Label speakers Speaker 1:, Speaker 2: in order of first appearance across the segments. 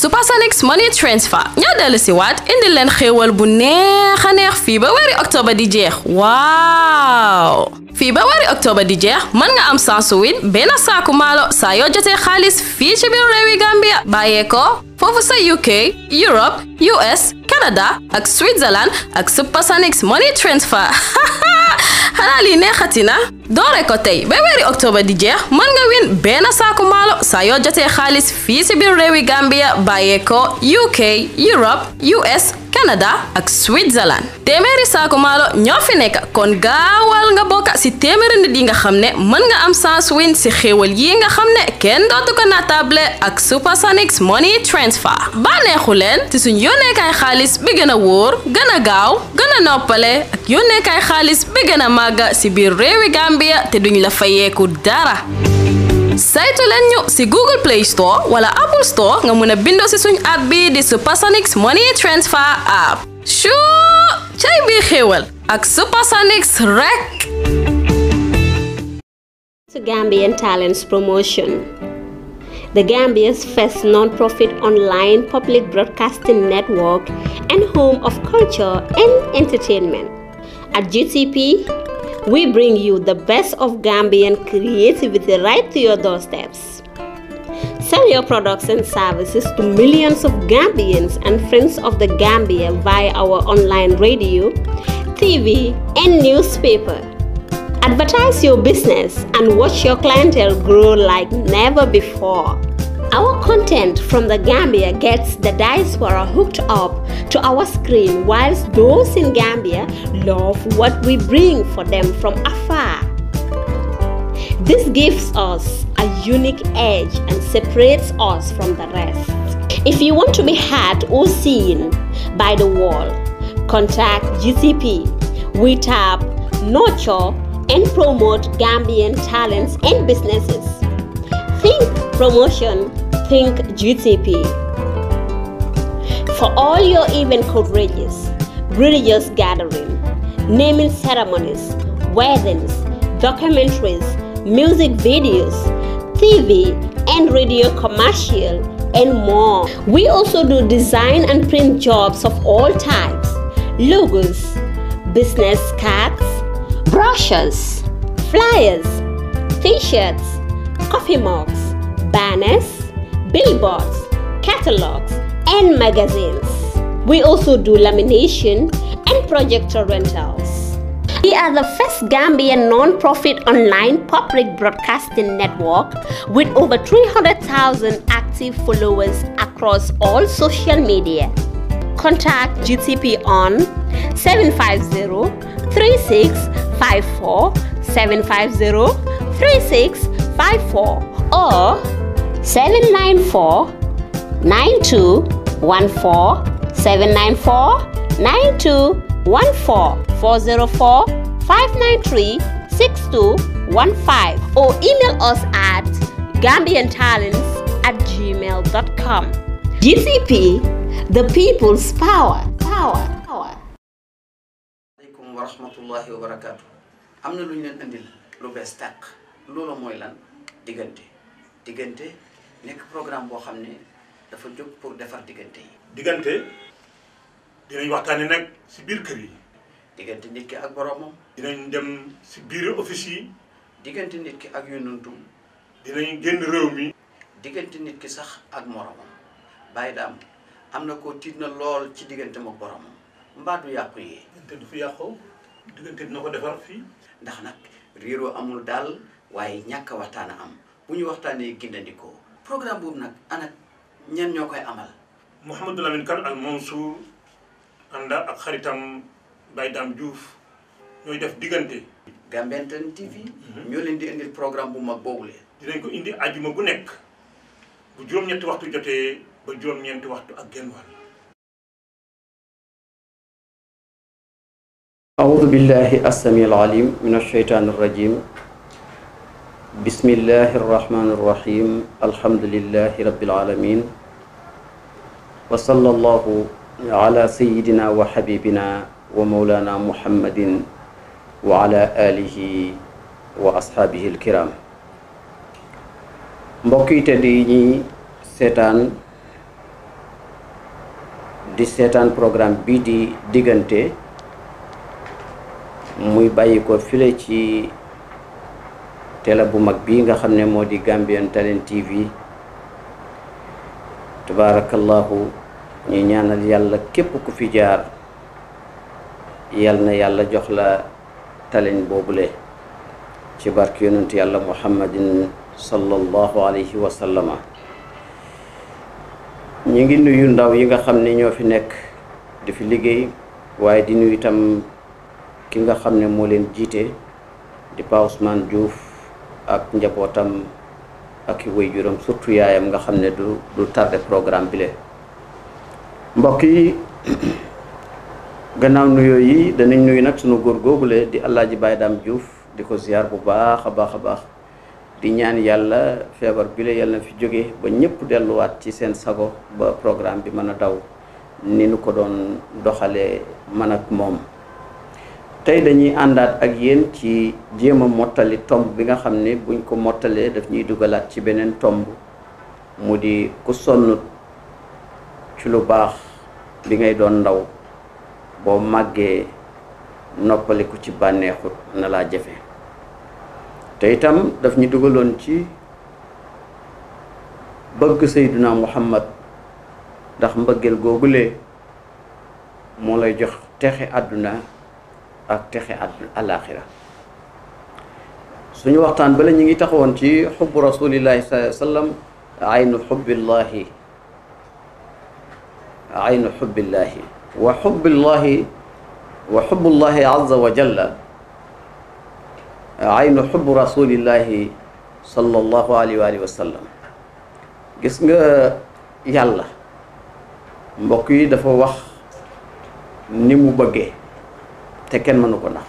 Speaker 1: Supersonics Money Transfer ñoo dellu si waat leen xéewal bu neex a neex fii ba weeri di jeex waaw fii ba weeri octobre di jeex mën nga am sansu win benn saaku maalo saa yoo jotee xaalis Gambia bàyyee ko foofu sa UK Europe US Canada ak Switzerland ak Supersonics Money Transfer xanaa lii neexati na doore ko tey ba weeri octobre di jeex mën nga win benn saaku maalo saa yoo xaalis fii si biir réewi Gambia bàyyee ko UK Europe US Canada ak Switzerland téeméeri saako maalo ñoo fi nekk kon gaawal nga bokka ci téeméeri nit yi nga xam ne mën nga am sans win ci xéewal yi nga xam ne kenn dootu ko naatable ak Supersonics Money Transfer bànneexu leen ci suñ yónneekaay xaalis bi gën a wóor gën a gaaw gën noppale ak yónneekaay xaalis bi gën màgga ci biir réewi Gambia te duñu la fayeeku dara Site leen ñu si Google Play Store wala Apple Store nga mun a bindoo si suñu app bi di Money Transfer app suu cay bii xéewal ak Supersonix rek
Speaker 2: to Gambian Talents Promotion the Gambia's first non-profit online public broadcasting network and home of culture and entertainment. At GTP, we bring you the best of Gambian creativity right to your doorsteps. Sell your products and services to millions of Gambians and friends of the Gambia via our online radio, TV, and newspaper. Advertise your business and watch your clientele grow like never before. Our content from the Gambia gets the diaspora hooked up to our screen, whilst those in Gambia love what we bring for them from afar. This gives us a unique edge and separates us from the rest. If you want to be heard or seen by the world, contact GCP. We tap, nurture, and promote Gambian talents and businesses promotion, think GTP. For all your event coverages, religious gathering, naming ceremonies, weddings, documentaries, music videos, TV and radio commercial, and more. We also do design and print jobs of all types, logos, business cards, brochures, flyers, t-shirts, coffee mugs, banners, billboards, catalogs, and magazines. We also do lamination and projector rentals. We are the first Gambian non-profit online public broadcasting network with over 300,000 active followers across all social media. Contact GTP on 750 3654 750 3654 or 794 9214 794 9214 404 593 6215 or email us at gambiantalents at gmail.com. GCP, the people's power. Power. Power.
Speaker 3: wa rahmatullahi wa lu lan nekk programme boo xam ne dafa jóg pour defar diggante yi. diggante dinañ waxtaanee nag si biir kër yi. diggante nit ki ak boromam. dinañ dem si biir office diggante nit ki ak yonantu. dinañ génn réew mi. diggante nit ki sax ak moromam bàyyi daam am na ko tiit na lool ci diggante ak boromam mbaa du yàqu yi. diggante du fi yàqu diggante dina ko defar fii. ndax nag réeroo amul daal waaye ñàkk waxtaan a am bu ñu waxtaan waxtaanee gindandikoo programme boobu nag ana ñan ñoo koy amal. Mouhamadou Lamine Kane ak Mansour ànd ak xaritam Baye Dame Diouf ñooy def diggante. Gambian TV. Mhm. ñoo leen di indil programme bu mag boobule. dinañ ko indi ajuma bu nekk bu juróom-ñetti waxtu jotee ba juróom-ñeenti waxtu ak genn wàll. أعوذ بالله السميع العليم من الشيطان الرجيم bismillahi irrahmani irrahim alhamdulilahi rabilalamin wasala allahu ala sayidina wa xabibina wa maulana muhammadin wa ala wa asxaabihi alkiram mbokk yi tedd yi programme bi di diggante muy bàyyi ko file télé bu mag bii nga xamné modi Gambian Talent TV tabaarakallaahu ñi ñaanal yàlla képp ku fi jaar yalna yàlla jox la talent boobule ci barki yonent yàlla muhammadin sallallahu alayhi wa sallam ñi ngi nuyu ndaw yi nga xamné ño fi nek di fi liggéey waye di nuyu itam ki nga xamné mo leen jité di Pa Ousmane Diouf ak njabotam ak wayjuram surtout yaayam nga xamne du du tardé programme bi lé mbokk yi gannaaw nuyo yi dañ nuyu nak sunu gor gogulé di Alaaji Baye Dame Diouf di ko ziar bu baakha baakha baax di ñaan yalla febar bi lé yalla fi joggé ba delu wat ci sen sago ba programme bi mëna daw ni nu ko doon doxalé man ak mom tey dañuy àndaat ak yéen ci jéem a mottali tomb bi nga xam ne buñ ko mottalee daf ñuy dugalaat ci beneen tomb mu di ku sonn ci lu baax bi ngay doon ndaw boo màggee noppaliku ci bànneexut na laa jafe te itam daf ñu dugaloon ci bëgg Seydina Muhammad ndax mbëggeel googule moo lay jox texe àdduna ak texe ak alaaxira suñu waxtaan bala ñu ngi taxawoon ci xubbu rasulillahi sallallahu alayhi wa sallam aynu xubbillahi aynu xubbillahi wa xubbillahi wa xubbullahi azza wa jalla aynu xubbu rasulillahi sallallahu alayhi wa sallam gis nga yàlla mbokk yi dafa wax ni mu bëggee te kenn mënu ko nax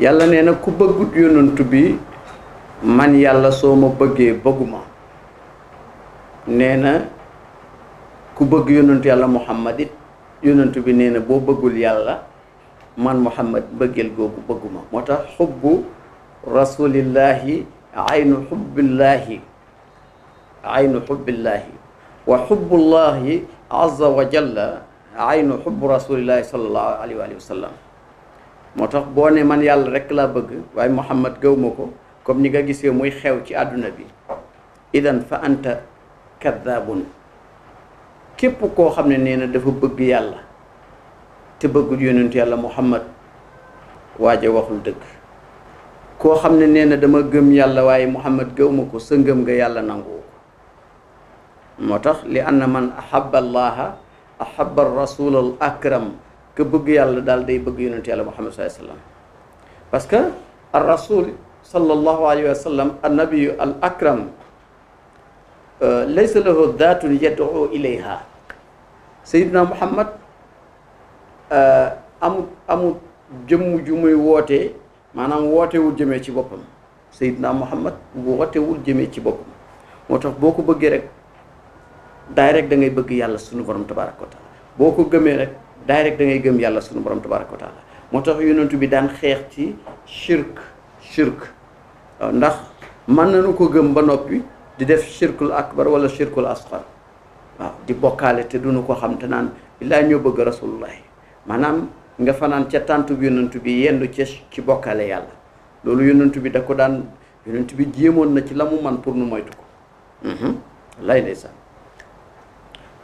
Speaker 3: yàlla nee na ku bëggut yonent bi man yàlla soo ma bëggee bëgguma nee na ku bëgg yonent yàlla muhammad it yonent bi nee na boo bëggul yàlla man muhammad bëggeel googu bëgguma moo tax xubbu rasulillahi aynu xubbillahi aynu xubbillahi wa xubbullahi azza wa aynu xubbu rasulillahi salallahu alayhi wa moo tax boo ne man yàlla rekk laa bëgg waaye muhammad gëw ma ko comme ni nga gisee muy xew ci àdduna bi idan fa anta kaddaabun képp koo xam ne nee na dafa bëgg yàlla te bëggul yonentu yàlla muhammad waaje waxul dëgg koo xam ne nee na dama gëm yàlla waaye muhammad gëw ma ko sa ngëm nga yàlla nangoo ko moo tax li anna man ahabba allaha ahaba rasul al akram ke bëgg yàlla daal day bëgg yonent yàlla muhammad saai sallam parce que ar rasul sallallahu alayhi wa sallam an nabiyu al akram laysa lahu daatun yad'u ilayha sayidna muhammad euh, amut amut jëmm ju muy wootee maanaam wootewul jëmee ci boppam sayidna muhammad wootewul jëmee ci boppam moo tax boo ko bëggee rek daay rek da ngay bëgg yàlla suñu borom tabaaraka wa boo ko gëmee rek daay dangay gëm yàlla suñu borom tabaaraka wa moo tax yonentu bi daan xeex ci shirk shirk waaw ndax mën nañu ko gëm ba noppi di def shirkul akbar wala shirkul asqar waaw di bokkaale te duñu ko xam te naan billaay ñoo bëgg rasulullahi maanaam nga fanaan ca tàntu bi yonentu bi yendu ca ci bokkaale yàlla loolu yonentu bi da ko daan yonentu bi jéemoon na ci la mu man pour nu moytu ko mhm. lay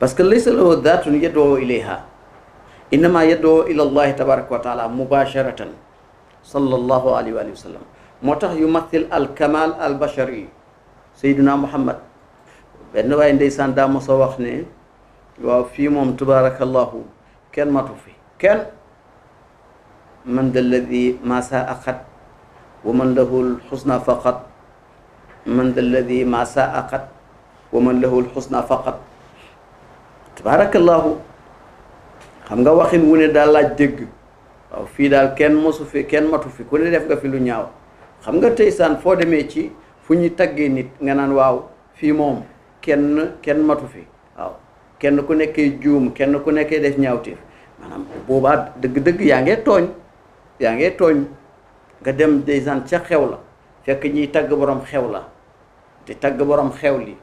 Speaker 3: بس ليس له ذات يدعو إليها إنما يدعو إلى الله تبارك وتعالى مباشرة صلى الله عليه وآله وسلم موته يمثل الكمال البشري سيدنا محمد بأنه إنسان دام صوخني وفي موم تبارك الله كان ما توفي كان من الذي ما ساءقت ومن له الحسنى فقط من الذي ما ساءقت ومن له الحسنى فقط tabaarakallaahu xam nga waxin wu ne daal laaj dégg waaw fii daal kenn mosu fi kenn matu fi ku ne def nga fi lu ñaaw xam nga tey saan foo demee ci fu ñuy taggee nit nga naan waaw fii moom kenn kenn matu fi waaw kenn ku nekkee juum kenn ku nekkee def ñaawteef maanaam boobaa dëgg-dëgg yaa ngee tooñ yaa ngee tooñ nga dem ndeysaan ca xew la fekk ñiy tagg boroom xew la te tagg boroom xew li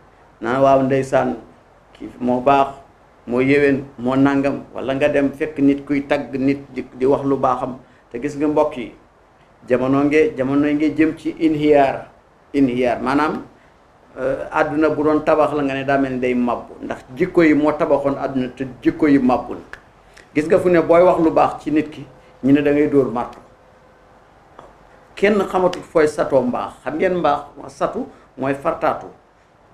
Speaker 3: naan waaw ndeysaan kii moo baax mo yewen mo nangam wala nga dem fekk nit kuy tag nit di wax lu baxam te gis nga mbokki jamono nge jamono nge jëm ci inhiyar inhiyar manam aduna euh, bu don tabax la nga ne da mel day mabbu ndax jikko yi mo tabaxon aduna te jikko yi mabbu gis nga fu ne boy wax lu bax ci nit ki ñu ne da ngay door mat kenn xamatu foy sato mbax xam ngeen mbax satu moy fartatu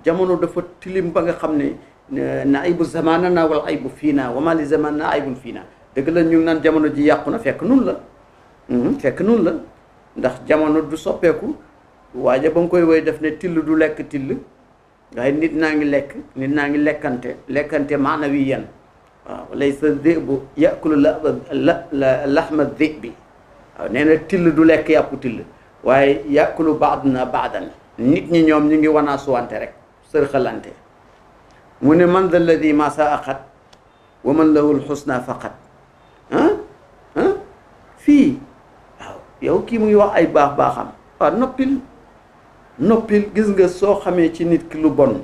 Speaker 3: jamono dafa tilim ba nga xamne na aybu zamanana wal aybu fiina wa ma li zamanana aybun fiina dëgg la ñu ngi naan jamono ji yàqu na fekk nun la hmm, fekk nun la ndax jamono du soppeeku waaja ba nga koy woy def ne till du lekk till waaye nit naa ngi lekk nit naa ngi lekkante lekkante maanawi yan waaw laysa dhibu yakulu la la lahma dhibi waaw nee na till du lekk yàppu till waaye yakulu baadna baadan nit ñi ñoom ñu ngi wanaa suwante rek xalante ون من ذا الذي ما ساقت ومن له الحسنى فقط ها ها fii waaw yow kii muy wax ay baax baaxam waaw noppil noppil gis nga soo xamee ci nit ki lu bon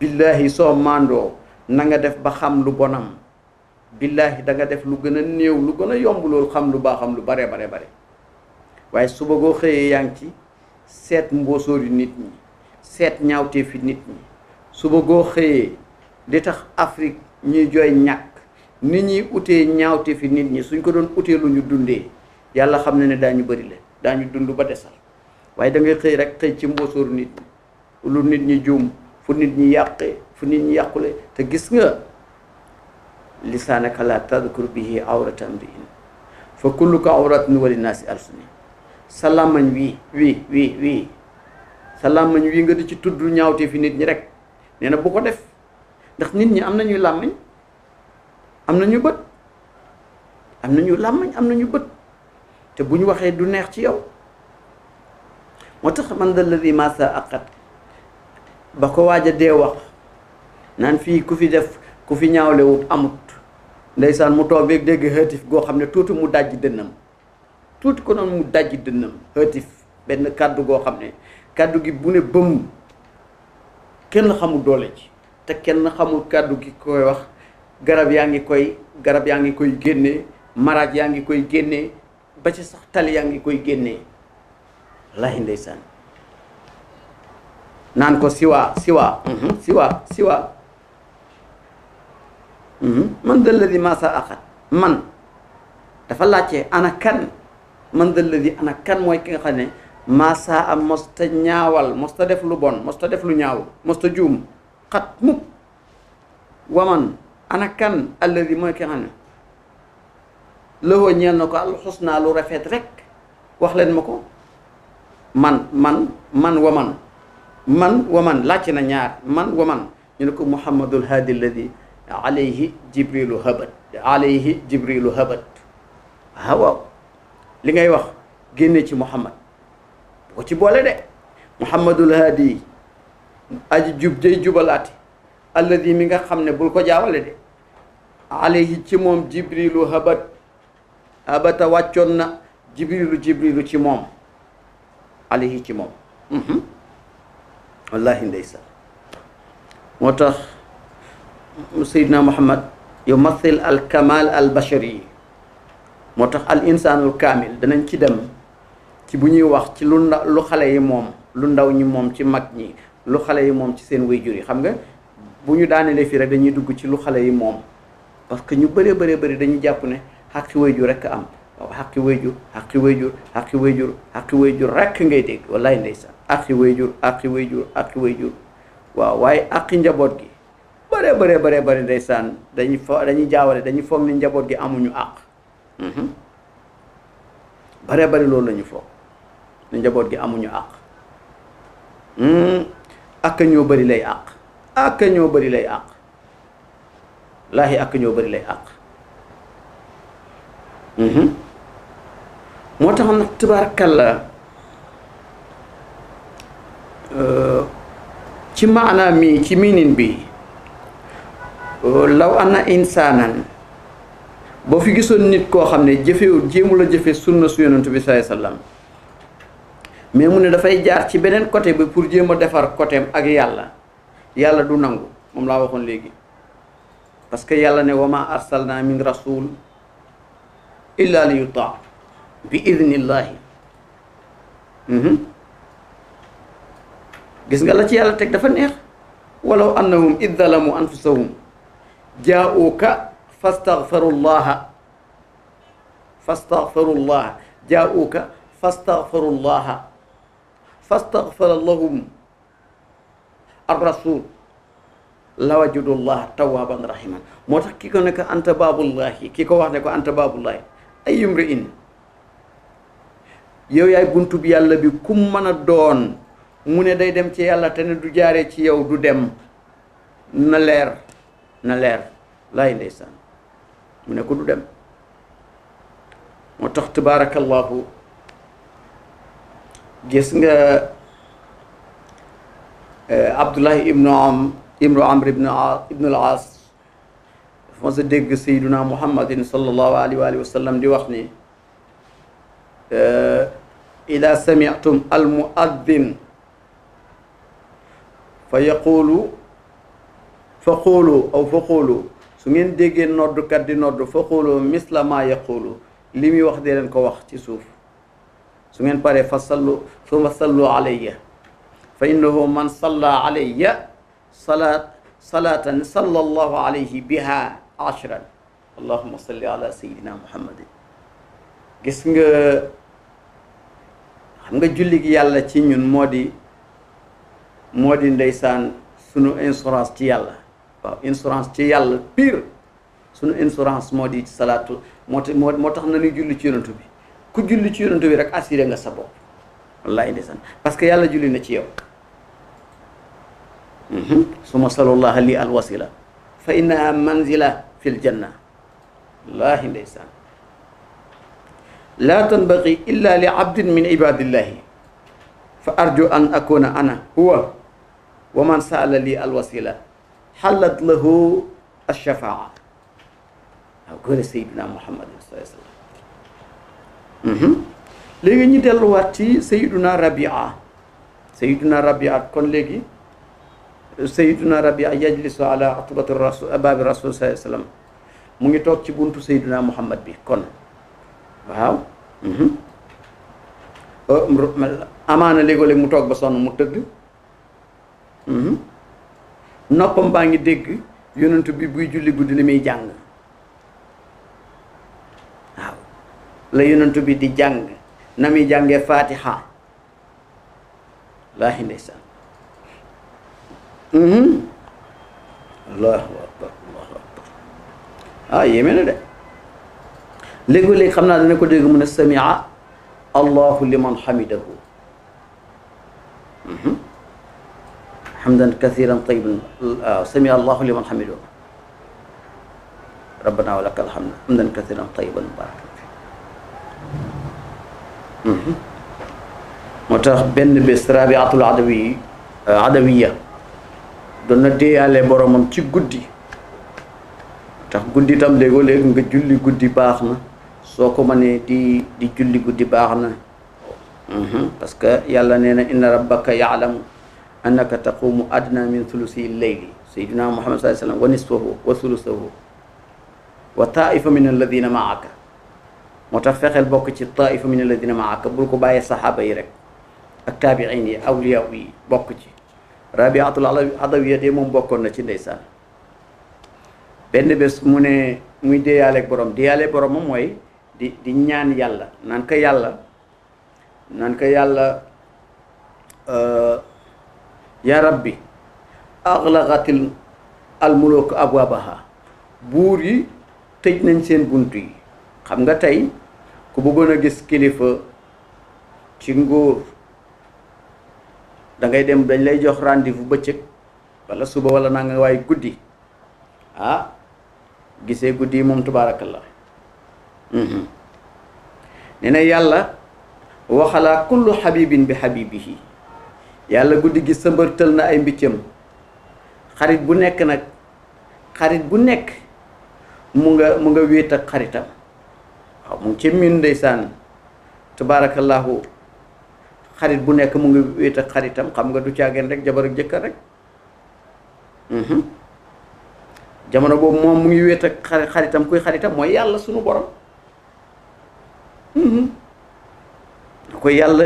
Speaker 3: billaahi soo màndoo na nga def ba xam lu bonam billaahi da nga def lu gën a néew lu gën a yomb loolu xam lu baaxam lu bare bare bare waaye suba goo xëyee yaa ngi ci seet mboosóor yu nit ñi seet ñaawtee fi nit ñi suba goo xëyee li tax Afrique ñuy jooy ñàkk nit ñuy utee ñaawte fi nit ñi suñ ko doon utee lu ñu dundee yàlla xam na ne daañu bëri la daañu dund ba desal waaye dangay xëy rek xëy ci mbóosóor nit lu nit ñi juum fu nit ñi yàqe fu nit ñi yàqule te gis nga lisaanaka la tadkur bihi awrata amriin fa kulluka awratun wa linnaasi alsuni sa làmmañ wii wii wii wii sa làmmañ wii nga di ci tudd ñaawte fi nit ñi rek nee na bu ko def ndax nit ñi am nañuy làmmiñ am na ñu bët am nañu làmmiñ am na ñu bët te bu ñu waxee du neex ci yow moo tax man dal ladi masa aqat ba ko waaja dee wax naan fii ku fi def ku fi ñaawlewut amut ndeysaan mu toobeeg dégg xëtif goo xam ne tuuti mu dajji dënnam tuuti ko noonu mu dajji dënnam xëtif benn kàddu goo xam ne kàddu gi bu ne bëmm kenn xamul doole ji te kenn xamul kaddu gi koy wax garab yaangi koy garab yaangi koy genné maraj yaangi koy genné ba ci sax tal yaangi koy genné lahi nan ko siwa siwa mhm. siwa hmm man ma masa akhat man dafa laccé ana kan man dalladi ana kan moy ki nga ma masa am mos ñaawal mos def lu bon mos def lu ñaaw joom xat mukk waman ana kan alladi mooy ki xam ne lëwoo ñeel na ko alxusnaa lu rafet rek wax leen ma ko man man man waman man waman laajte na ñaar man waman ñu ne ko mu hadi alladi alayhi jibrilu habat alayhi jibrilu ah, li ngay wax génne ci muhammad bu ko ci boole de muhammadul hadi aji jub day jubalaati yi mi nga xam ne bul ko jaawale de alayhi ci moom jibrilu habat habata wàccoon na jibrilu jibrilu ci moom alayhi ci moom mhm. wallahi ndeysa moo tax sayidna muhammad yumathil al kamal al bashari moo tax al insaanul kaamil danañ ci dem ci bu ñuy wax ci lu xale yi moom lu ndaw ñi moom ci mag ñi lu xale yi moom ci seen waajur yi xam nga bu ñu daaneele fii rek dañuy dugg ci lu xale yi moom parce que ñu bëree bëree bëri dañu jàpp ne xaqi waajur rek am waaw xaqi waajur xaqi waajur xaqi waajur xaqi waajur rek ngay dégg wallaay ndeysaan xaqi waajur xaqi waajur xaqi waajur waaw waaye xaqi njaboot gi bëree bëree bëree bëri ndeysaan dañuy fo dañuy jaawale dañuy foog ni njaboot gi amuñu àq mhm. bëree bëri loolu la ñu foog ni njaboot gi amuñu àq mhm. ak ñoo bëri lay àq ak ñoo bëri lay àq laahi ak ñoo bëri lay àq mhm. moo tax nag tabaarakallaa euh, ci maanaa mi ci miinin bi euh, law na insaanan boo fi gisoon nit koo xam ne jëfewul jéemul a jëfe sunna su yonent bi sallallahu alayhi wa mais mu ne dafay jaar ci beneen côté bi pour jéem a defar côté ak yàlla yàlla du nangu moom laa waxoon léegi parce que yàlla ne wama arsalna min rasul illa li yutaa bi idnillahi mhm. gis nga la ci yàlla teg dafa neex walaw annahum id zalamu anfusahum jaa'uuka fastaghfaru llaha fastaghfaru llaha jaa'uuka fastaghfaru llaha fa fastaghfara lahum ar-rasul lawajadullah tawaaban rahiman moo tax ki ko ne ko anta baabullahi ki ko wax ne ko anta baabullahi ay yumri in yow yaay buntu bi yàlla bi ku mën a doon mu ne day dem ci yàlla te du jaaree ci yow du dem na leer na leer laay ndeysaan mu ne ko du dem moo tax tabaarakallahu gis nga eh, Abdullahi ibnu am ibnu amr ibnu al aas dafa ma sa dégg sayduna muhammadin sallallahu alayhi wa alihi wa sallam di wax ni eh, ida samitum al muaddin fa yaqulu fa quulu aw fa quulu su ngeen déggee noddukat di noddu fa quulu misla ma yaqulu li muy wax dee leen ko wax ci suuf سمين پر فصلو ثم صلو علي فإنه من صلى علي صلاة صلاة صلى الله عليه بها عشرا اللهم صل على سيدنا محمد گسنگ خمغا جوليك يالا تي نون مودي مودي ندسان سونو انسورانس تي يالا واو انسورانس تي يالا بير سونو انسورانس مودي صلاة موتاخ ناني جولي تي يونتو بي ku julli ci yonent bi rek assuré nga sa bopp wallahi ndeysaan parce que yàlla julli na ci yow suma salullaha li al wasila fa innaha manzila fi l janna wallahi ndeysaan laa tanbaqi illa li abdin min ibadillahi fa arju an akuna ana huwa wa man saala li al wasila xallat lahu alshafaa waaw góore sayidina muhammadin sallallahu alayhi wa sallam Mm-hmm. léegi ñu delluwaat ci Sayyiduna Rabia Sayyiduna Rabia kon léegi Sayyiduna Rabia yajlisu ala atubati rasul baabi rasul sallallahu alayhi wasallam mu ngi toog ci buntu Sayyiduna Muhammad bi kon waaw mm-hmm. uh, amaana léegoo-léeg mu toog ba sonn mu tëdd mm-hmm. noppam baa ngi dégg yonentu bi buy julli guddi li muy jàng la yonent bi di jàng na muy jàngee fatiha laahi ndeysaan allahu akbar allahu akbar ah yéeme na de léegi-léegi xam naa dana ko dégg mu ne samia allahu liman hamidahu حمدا كثيرا طيبا سمع الله لمن حمده ربنا ولك الحمد حمدا كثيرا طيبا مباركا moo tax benn bés rabiatul adawi adawiya doon na déeyaale boromam ci guddi tax guddi tam déggoo léegi nga julli guddi baax na soo ko mënee di di julli guddi baax parce que yàlla nee inna rabbaka yaalamu annaka taqumu adna min thulusi leyli sayyidina muhammad sallallahu alayhi wa sallam wa nisfahu wa thulusahu wa taifa min alladina maaka moo tax fexeel bokk ci taifa min alladina maaka bul ko bàyyee saxaaba yi rek ak taabiin yi awliyaa yi bokk ci rabiatul adawiyat yi moom bokkoon na ci ndeysaan benn bés mu ne muy deeyaaleeg borom deeyaaleeg boromam mooy di di ñaan yàlla naan ko yàlla naan ko yàlla euh, ya rabbi axlaqatil almuluk abwabaha buur yi tëj nañ seen bunt yi xam nga tey ku bëggoon a gis kilifa ci nguur dangay dem dañ lay jox rendez-vous bëccëg wala suba wala naa nga waaye guddi ah gisee guddi moom tabaarakallah la mhm. na yàlla waxalaa kullu xabibin bi xabibihi yàlla guddi gis gi sëmbërtël na ay mbiccam xarit bu nekk nag xarit bu nekk mu nga mu nga wéet ak xaritam waaw mu ngi ci min ndeysaan tabaarakallaahu xarit bu nekk mu ngi wéet ak xaritam xam nga du caageen rek jabar ak jëkkër rek mhm. jamono boobu moom mu ngi wéet ak xaritam kuy xaritam mooy yàlla sunu borom mhm. da ko yàlla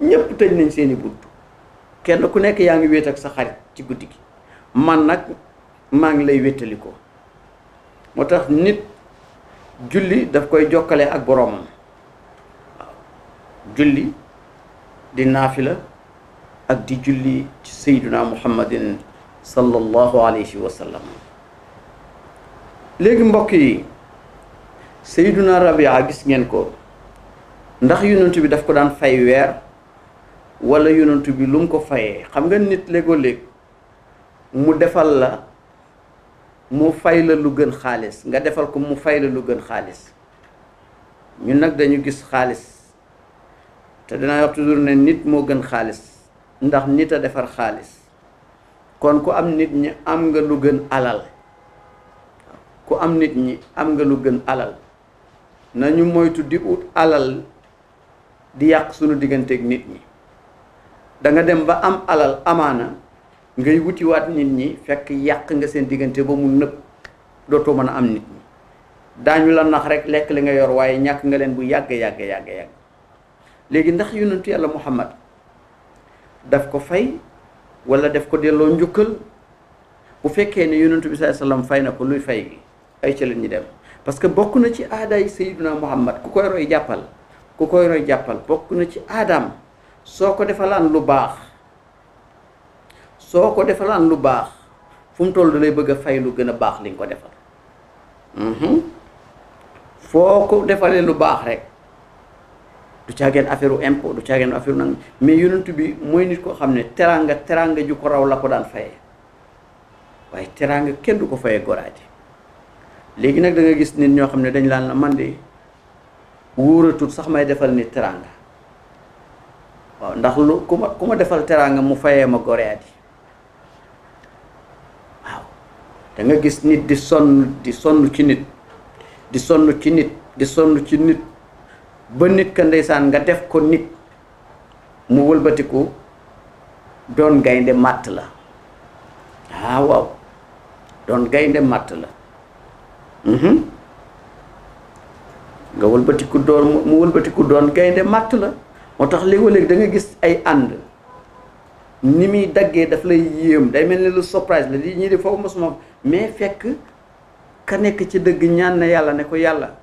Speaker 3: ñépp tëj nañ seeni bunt kenn ku nekk yaa ngi wéet ak sa xarit ci guddi gi man nag maa ngi lay wéttali moo tax nit julli daf koy jokkale ak boroomam julli di naafila ak di julli ci sayduna muhammadin sallallahu alayhi wa sallam léegi mbokk yi sayduna rabia gis ngeen ko ndax yonent bi daf ko daan fay weer walla yonent bi lu mu ko fayee xam nga nit léegoo léeg mu defal la mu fay la lu gën xaaliss nga defal ko mu fay la lu gën xaaliss ñun nak dañu gis xaaliss te dina wax toujours ne nit mo gën xaaliss ndax nit a defar xaaliss kon ku am nit ñi am nga lu gën alal ku am nit ñi am nga lu gën alal nañu moytu di ut alal di yàq sunu digganteeg nit ñi da nga dem ba am alal amana ngay wuti wat nit ñi fekk yak nga seen digënté ba mu nëb doto mëna am nit ñi dañu la nax rek lek li nga yor waye ñak nga leen bu yag yag yag yag léegi ndax yunitu yalla muhammad daf ko fay wala daf ko delo njukkal bu fekke ne yunitu bi saa sallam fay na ko luy fay gi ay ci lañu dem parce que bokku na ci aadaay sayyiduna muhammad ku koy roy jappal ku koy roy jappal bokku na ci adam soko ko lu baax soo ko defalaan lu baax fu mu toll da lay bëgg a fay lu gën a baax li ko defal mhm. foo ko defalee lu baax rek du caageen affaire u impôt du caageen affaire u nag mais yonent bi mooy nit koo xam ne teraanga teraanga ju ko raw la ko daan fayee waaye teraanga kenn du ko fayee goraati léegi nag da gis nit ñoo xam ne dañ laan la man de wóoratut sax may defal nit teraanga waaw ndax lu ku ma ku ma defal teraanga mu fayee ma goraati da gis nit di sonn di sonn ci nit di sonn ci nit di sonn ci nit ba nit ka ndeysaan nga def ko nit mu walbatiku doon gaynde màtt la ah waaw doon gaynde màtt la mhm. nga walbatiku doon mu wëlbatiku doon gaynde màtt la moo tax léeg-léeg danga gis ay ànd ni muy daggee daf lay yéem day mel ni lu surprise la li ñii di foofu mosuma mais fekk ka nekk ci dëgg ñaan na yàlla ne ko yàlla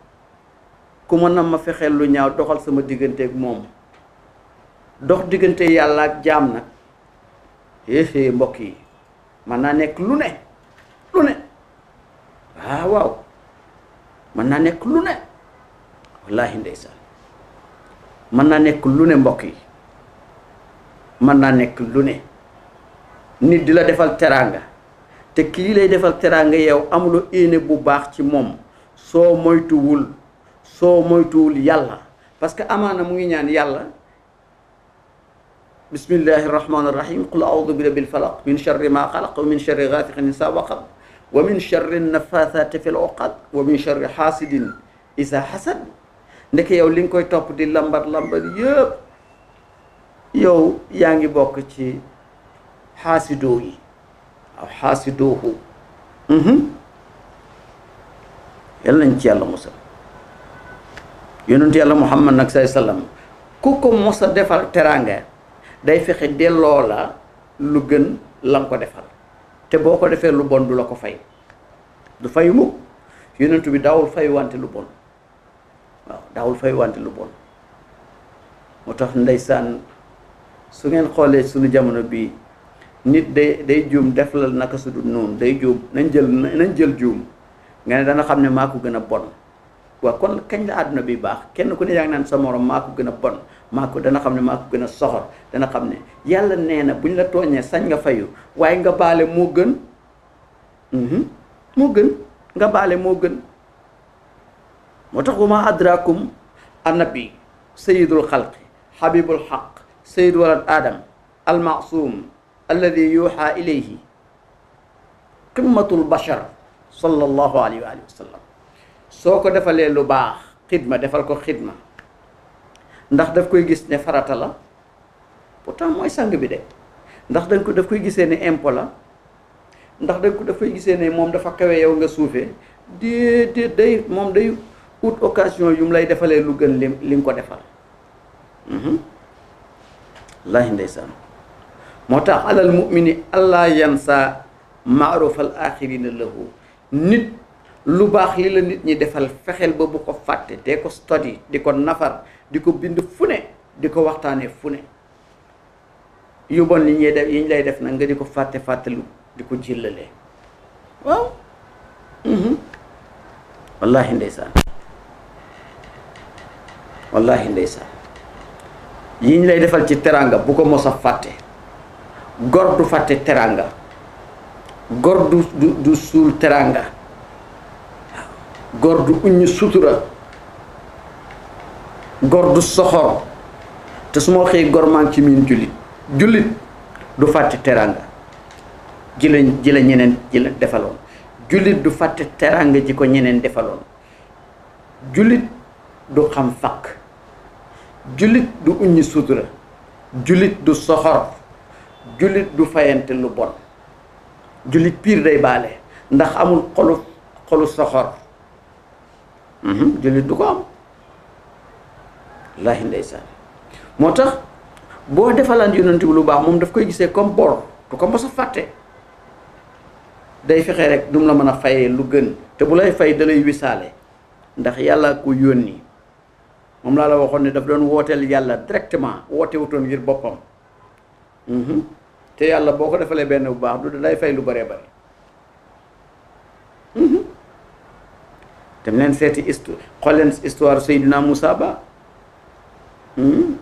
Speaker 3: ku mën na ma fexee lu ñaaw doxal sama digganteeg moom dox diggante yàlla ak jaam nag éé eh, eh, mbokk yi mën naa nekk lu ne lu ne ah waaw mën naa nekk lu ne wallaahi ndeysaan mën naa nekk lu ne mbokk yi man na nek lu ne nit dila defal teranga te kii lay defal teranga yow amulo ene bu bax ci mom so moytu wul so moytu wul yàlla parce que amana mu ngi ñaan yàlla بسم الله الرحمن الرحيم قل اعوذ برب الفلق من شر ما خلق ومن شر غاسق اذا وقب ومن شر النفاثات في العقد ومن شر حاسد اذا حسد نك isa لي ndeke توب دي لمبار لمبار ييب yow yaa ngi bokk ci xaasidoo yi aw xaasidoohu mhm. yàlla nañ ci yàlla musal yonent yàlla muhammad nag say sallam ku ko mos a teraanga day fexe delloo la lu gën la ko defal te boo ko defee lu bon du la ko fay du fay mukk yonent bi daawul fay wante lu bon waaw daawul fay wante lu bon moo tax ndeysaan su ngeen xoolee suñu jamono bii nit day day juum def la naka su dul noonu day juum nañ jël nañ jël juum nga ne dana xam ne maa ko gën a bon waaw kon kañ la àdduna bi baax kenn ku ne yaa ngi naan sa moroom maa ko gën a bon maa ko dana xam ne maa ko gën a soxor dana xam ne yàlla nee na buñ la tooñee sañ nga fayu waaye nga baale moo gën mhm. moo gën nga baale moo gën moo tax wa ma adrakum annabi sayidul xalqi habibul xaq sayid walad aadam almaasuum alladi yuuxa ilayhi qimmatul bashar sallallahu alayhi wa sallam soo ko defalee lu baax xidma defal ko xidma ndax daf koy gis ne farata la pourtant mooy sang bi de ndax dañ ko daf koy gisee ne impôt la ndax dañ ko daf koy gisee ne moom dafa kawe yow nga suufee déedéet day moom day ut occasion yu mu lay defalee lu gën li li nga ko defal mhm. laahi ndeysaan moo tax alal mumini allah yansa maarufal axirina lahu nit lu baax yi la nit ñi defal fexeel ba bu ko fàtte dee ko study di ko nafar di ko bind fune di ko waxtaanee fu yu bon li def yi ñu lay def na nga di ko fàtte fàttelu di ko jëllalee waaw mhm. wallahi ndeysaan wallahi ndeysaan yi lay defal ci teranga bu ko mos a fàtte gor du fàtte teranga gor du du suul teranga gor du uññ sutura gor du soxor te su ma waxee gor maa ngi ci miin jullit jullit du fàtte teranga ji la ji la ñeneen ji la defaloon jullit du fàtte teranga ji ko ñeneen defaloon jullit du xam fakk jullit du uññi sutura jullit du soxor jullit du fayante lu bon jullit piir day baale ndax amul xolu xolu soxor mhm, jullit du ko am laahi ndeysaan moo tax boo defalaan yonent bi lu baax moom daf koy gisee comme bor du ko mos a fàtte day fexe rek du mu la mën a fayee lu gën te bu lay fay da lay wisaale ndax yàlla ko yónni moom laa la waxoon ne daf doon wooteel yàlla directement wootewutoon wutoon ngir boppam mhm. te yàlla boo ko defalee benn bu baax du day fay lu bare bëree bëri mhm. dem leen seeti histoire xool leen histoire Seydina Moussa Ba mhm.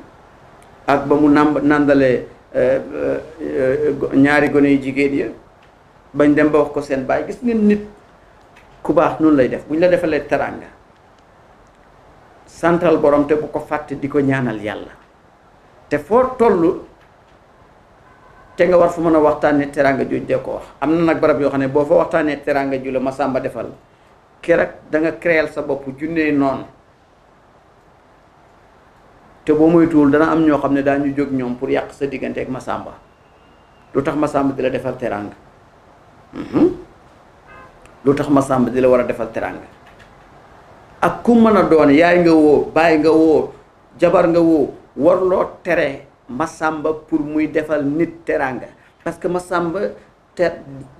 Speaker 3: ak ba mu nàmb nàndalee euh, euh, ñaari gone yu jigéen ya bañ dem ba wax ko seen baay gis ngeen nit ku baax noonu lay def bu ñu la defalee teranga santal borom te bu ko fatte di ñaanal yalla te fo tollu te nga war fu mën waxtane teranga teraanga ju de ko wax amna nak barab yo xane bo fa waxtaanee ju la ma samba defal kerek da nga créer sa bopp junnee non te moy tool dana am ño xamne ne daa ñu jóg pour yàq sa diggante ak Masamba lu tax Masamba di la defal teranga mhm. lu tax Masamba di wara wara defal teranga ak ku mën a doon yaay nga woo bàyyi nga woo jabar nga woo warloo tere Masamba pour muy defal nit teraanga parce que Masamba te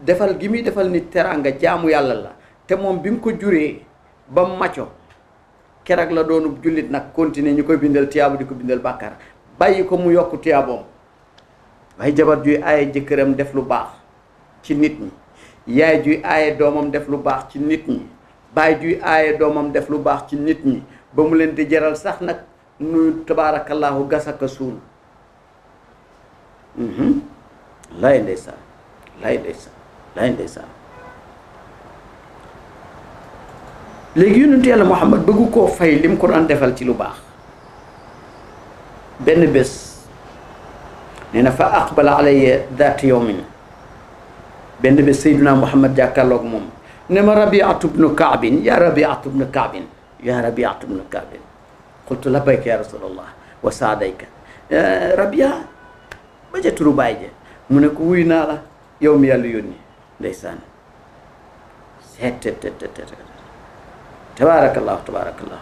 Speaker 3: defal gi muy defal nit teraanga jaamu yàlla la te moom bi nga ko juree ba maco keroog la doonu jullit nag continuer ñu koy bindal tiyaabu di ko bindal bàkkaar bàyyi ko mu yokk tiyaaboom waaye jabar juy aaye jëkkëram def lu baax ci nit ñi yaay juy aaye doomam def lu baax ci nit ñi bay juy aaye domam def lu bax ci nit ñi ba mu leen di jéral sax nak nu tabaarakallaahu gasaka suul lay ndeysaan lay ndeysaan lay ndeysaan léegi yonentu yàlla Muhammad bëgg ko fay lim ko daan defal ci lu bax ben bés nena fa aqbal alayya dhat yawmin ben bés sayyidina Muhammad jakkalok mom ne ma rabiatu bnu kaabin ya rabiatu bnu kaabin ya rabiatu bnu kaabin qultu labayka ya rasulallah wa saadayka rabia ba ja turu baay ja mu ne ko wuy naa la yow mi yàlla yónni ndeysaan seet te te te te tabaarakallahu tabaarakallahu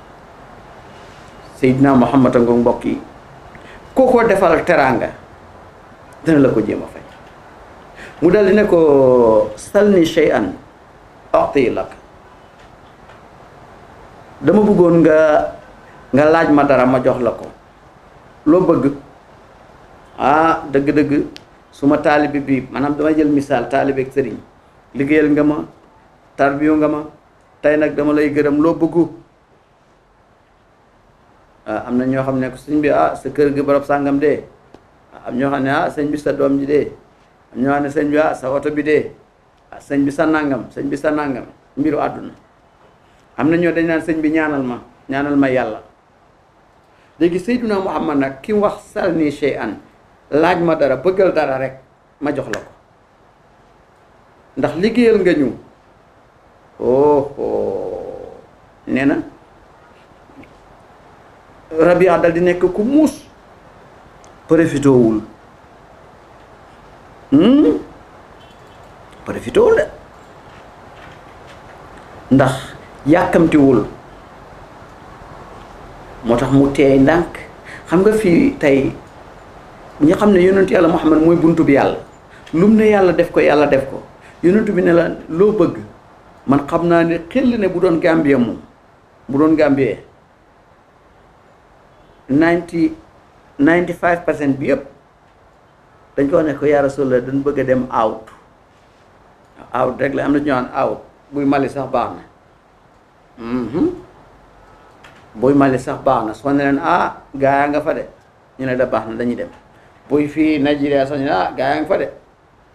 Speaker 3: seydina muhammad a ngoog mbokk yi koo ko defal teraanga dana la ko jéem a fay mu daldi ne ko salni shay'an a'tilak dama bëggoon nga nga laaj ma dara ma jox la ko bëgg ah dëgg-dëgg suma talib bi manam dama jël misal talib ak sëriñ liggéeyal nga ma tarbiyu nga ma tay nak dama lay gërëm lo bëgg ah amna ño xamne ko bi ah sa kër gi barab sangam de am ño xamne ah sëñ bi sa doom ji de am ñoo xam bi ah sa auto bi de Sen bi sa nangam sëñ bi sa nangam mbiru àdduna am na dañ naan sëñ bi ñaanal ma ñaanal ma yàlla léegi mu Muhammad nag ki wax sal ni an laaj ma dara bëggal dara rek ma jox la ko ndax liggéeyal nga ñu oh nee Rabia dal di nekk ku wul hmm profité wul ndax yàkkamtiwul moo tax mu teey ndànk xam nga fii tey ñu xam ne yonentu yàlla Muhammad mooy buntu bi yàlla lum ne yàlla def ko yàlla def ko yonentu bi ne la loo bëgg man xam naa ne xel ne bu doon Gambie moom bu doon Gambie ninety ninety five percent bi yëpp dañ ko nekk ne ko yaa Rasulullah dañ bëgg a dem out out rek la am na ñu naan out buy malé sax baana na mhm. buy malé sax baana so ne leen ah gaa nga fa dé ñu né da baax na dañuy dem buy fi Nigeria so ñu ne ah gaa nga fa dé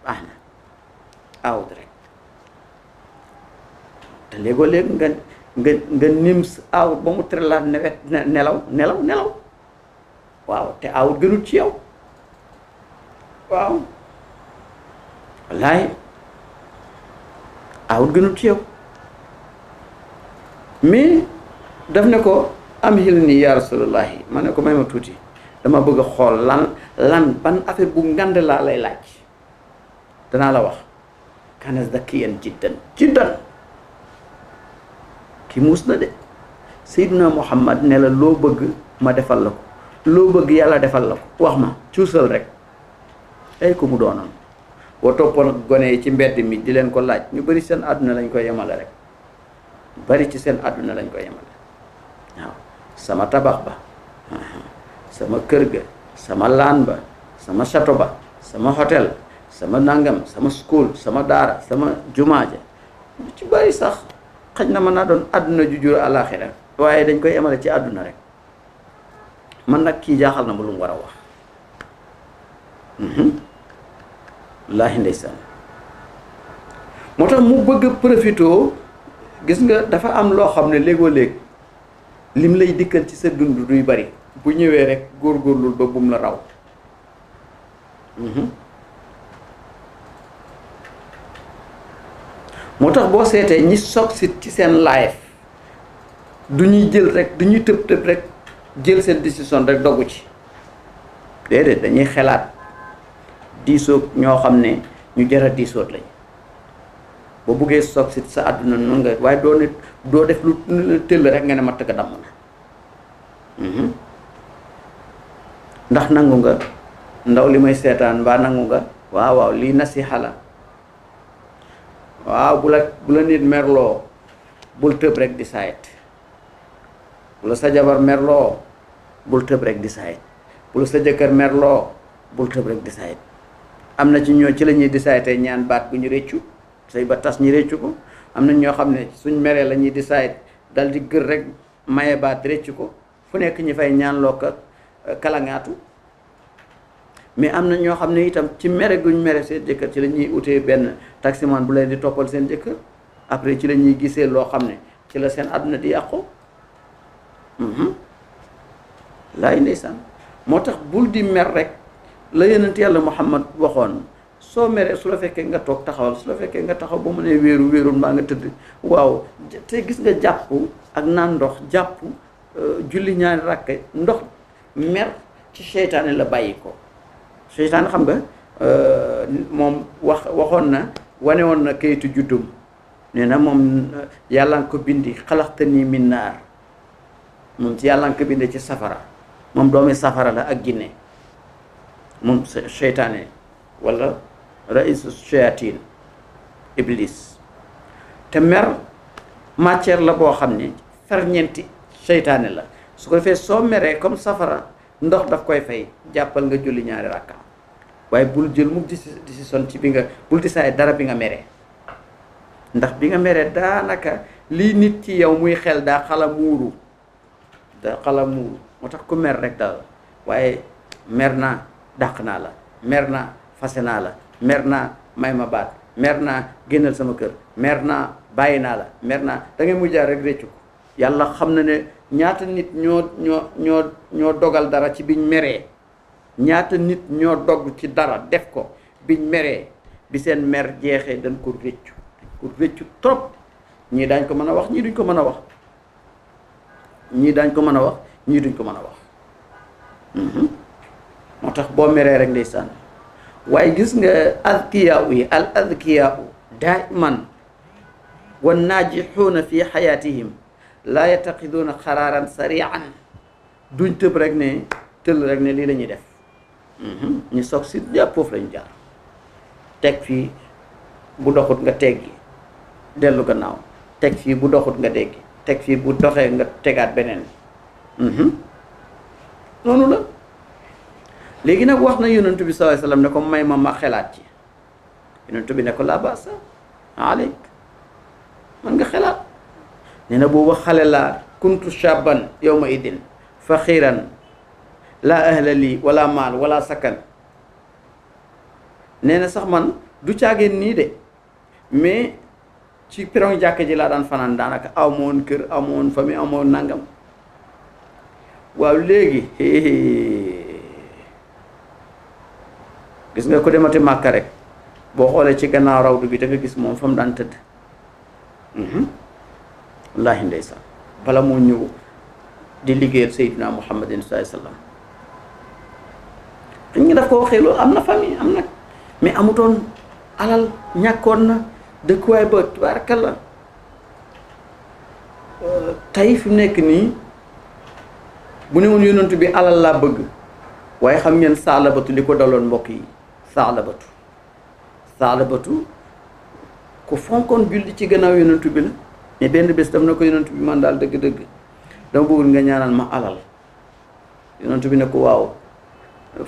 Speaker 3: baax na out rek da léegoo léegi nga nga nga nims out ba mu tëralaat nawet nelaw nelaw nelaw waaw te out gënut ci yow waaw Lai aawut gënul ci yow mais daf ne ko am xil nii yaa rasulallahi ma ne ko may ma tuuti dama bëgg a xool lan lan ban affaire bu ngand laa lay laaj danaa la wax kanas dakiyan jiddan jiddan ki muus na de Seydina Muhammad ne la loo bëgg ma defal la ko loo bëgg yàlla defal la ko wax ma cuusal rek ay ko mu doonoon boo toppoon gone yi ci mbedd mi di leen ko laaj ñu bari seen àdduna lañ ko yemale rek bari ci seen àdduna lañ koy yemale waaw sama tabax ba sama kër ga sama laan ba sama château ba sama hôtel sama nangam sama school sama daara sama jumaa ja ci bari sax xaj na mën naa doon àdduna ju jur àlaaxira waaye dañ koy yemale ci àdduna rek man nag kii jaaxal na ma lu mu war a wax mhm. laahi ndeysaan moo tax mu bëgg a profitoo gis nga dafa am loo xam ne léegoo léeg lim lay dikkal ci sa dund duy bari bu ñëwee rek góorgóorlul ba bum la raw mhm.
Speaker 1: moo tax boo seetee ñi
Speaker 3: soksit ci seen life du ñuy jël rek du ñuy tëb tëb rek jël seen décision rek dogu ci déedéet dañuy xelaat diisoog ñoo xam ne ñu jara diisoot lañ boo buggee soog si sa àdduna noonu nga waaye doo ne doo def lu tëll rek nga ne matt ga damm na mhm. ndax nangu nga ndaw li may seetaan mbaa nangu nga waaw waaw lii nasiha la waaw bu la bu la nit merloo bul tëb rek di saayet bu la sa jabar merloo bul tëb rek di saayet bu la sa jëkkër merloo bul tëb rek di saayet am na ci ñoo ci lañuy ñuy décider ñaan baat gu ñu réccu sëy ba tas ñi réccu ko am na ñoo xam ne suñ meree la ñuy décider dal di gër rek maye baat réccu ko fu nekk ñi fay ñaan lokk ak euh, kalangaatu mais am na ñoo xam ne itam ci mere guñ mere seen jëkkër ci lañuy ñuy utee benn taximan bu leen di toppal seen jëkkër après ci la ñuy gisee loo xam ne ci la seen àdduna di yàqu mhm. laay ndeysaan moo tax bul di mer rek la yonent yalla Muhammad waxon So, mere su la fekke nga tok taxawal su la fekke nga taxaw bu mune ne wéeru ma nga tedd waaw te gis nga japp ak nan ndox japp euh, julli ñaan rakke ndox mer ci sheytane la bayiko ko xam nga euh, mom wax waxon na wane won na kayitu juddum nee na moom euh, yàlla ko bindi khalaqtani min nar mom ci yalla ko bindi ci safara mom doomi safara la ak ginne Mun shaytané wala rais shayatin iblis té mer matière la bo xamné ferñenti shaytané la su ko fé so méré comme safara ndox daf koy fay jappal nga julli ñaari rakka waaye bul jël mu décision ci bi nga bul décider dara bi nga méré ndax bi nga da naka li nit ci yow muy xel da xala muru da xala motax ku mer rek waye merna dàq naa la mer naa fase naa la mer naa may ma baat mer naa génnal sama kër mer naa bàyyi naa la mer naa da ngay mujjaa rek réccu yàlla xam na ne ñaata nit ñoo ñoo ñoo ñoo dogal dara ci biñ meree ñaata nit ñoo dog ci dara def ko biñ meree bi seen mer jeexee dañ ko réccu ko réccu trop ñii daañ ko mën a wax ñii duñ ko mën a wax ñii daañ ko mën a wax ñii duñ ko mën a wax mhm. moo tax boo meree rek ndeysaan waaye gis nga azkiyaau yi al azkiyaau daiman wa naajixuuna fi xayaatihim laa yattaxiduuna xaraaran sarian duñ tëb rek ne tël rek ne lii lañuy def mhm, ñi soog si ñëpp foofu lañu jaar teg fii bu doxut nga teggi dellu gannaaw teg fii bu doxut nga déggi teg fii bu doxee nga tegaat beneen mhm. noonu la léegi nag wax na yonent bi sallallahu alayhi ne ko may ma ma xelaat ci yonent bi ne ko laa baasa aleyk man nga xelaat nee na boobu xale laa kuntu shaban yawma idin faxiran laa ahla lii wala maal wala sakkan nee na sax man du caageen nii de mais ci perron jàkk ji laa daan fanaan daanaka amoon kër amoon famille amoon nangam waaw léegi gis nga ku demati màkka rek boo xoolee ci gannaaw rawdu bi da gis moom fa daan tëdd mhm. wallaahi ndeysaan bala moo ñëw di liggéeyal sayyidina muhammadin sallallahu alayhi wa sallam dañ nga daf ko am na famille am na ñàkkoon na dëkkuwaay ba euh, tey fi mu nekk nii bu ne woon yonent bi alal laa bëgg waaye xam ngeen saalabatu li ko daloon mbokk yi saalabatu saalabatu ku fonkoon julli ci gannaaw yonentu bi la mais benn bés tam na ko yonentu bi man daal dëgg-dëgg dama bëggul nga ñaanal ma alal yonentu bi ne ko waaw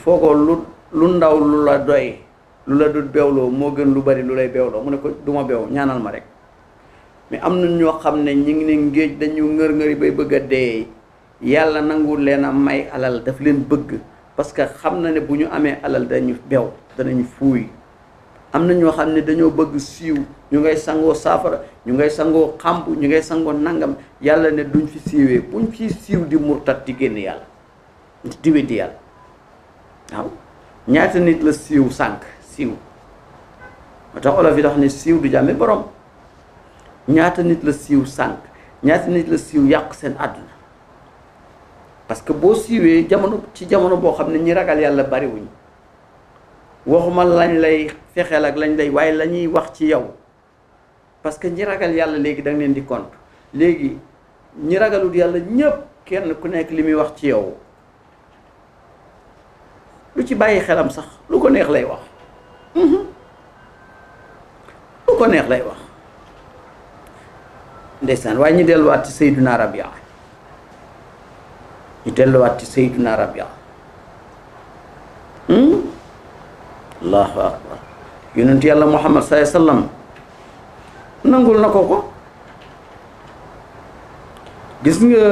Speaker 3: foo ko lu lu ndaw lu la doy lu la dul beewloo moo gën lu bari lu lay beewloo mu ne ko duma bew ñaanal ma rek mais am na ñoo xam ne ñi ngi ne ngéej dañu ngër ngëri bay bëgg a dee yàlla nangu leen a may alal daf leen bëgg parce que xam na ne bu ñu amee alal dañu beew danañ fuuy am na ñoo xam ne dañoo bëgg siiw ñu ngay sangoo saafara ñu ngay sangoo xamb ñu ngay sangoo nangam yàlla ne duñ fi siiwee buñ fi siiw di murtat di génn yàlla di weddi yàlla waaw ñaata nit la siiw sànq siiw moo yi dax ne siiw du jàmme borom ñaata nit la siiw sànq ñaata nit la siiw yàq seen àdduna parce que boo siiwee jamono ci jamono boo xam ne ñi ragal yàlla bariwuñ waxuma lañ lay fexeel ak lañ lay waaye lañuy wax ci yow parce que ñi ragal yàlla léegi da leen di compte léegi ñi ragalut yàlla ñépp kenn ku nekk li muy wax ci yow lu ci bàyyi xelam sax lu ko neex lay wax mhm. lu ko neex lay wax ndeysaan waaye ñu delluwaat ci Seydina Rabia ñu delluwaat ci Seydina Rabia hmm? allahu akbar yonent yàlla muhammad saai sallam nangul na ko ko gis nga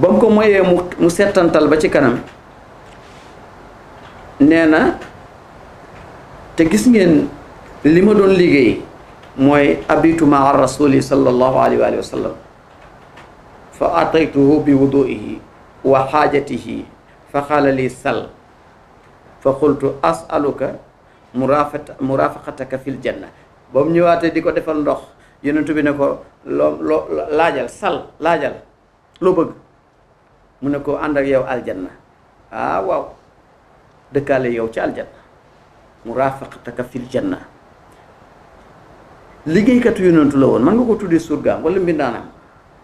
Speaker 3: ba mu ko moyee mu mu settantal ba ci kanam nee na te gis ngeen li ma doon liggéey mooy abitu maa rasuli sallallahu alayhi wa sallam fa ataytuhu bi wuduihi wa xaajatihi fa xaala li sal Fakultu asaluka murafata murafaqataka fil janna bam ñewate diko di defal ndox yonentu bi ne ko sal lajal lo bëgg mu ne ko ànd ak yow aljanna ah waaw dëkkaale yow ci aljanna murafaqataka fil janna liggéeykatu yonentu la won man nga ko tuddee surga wala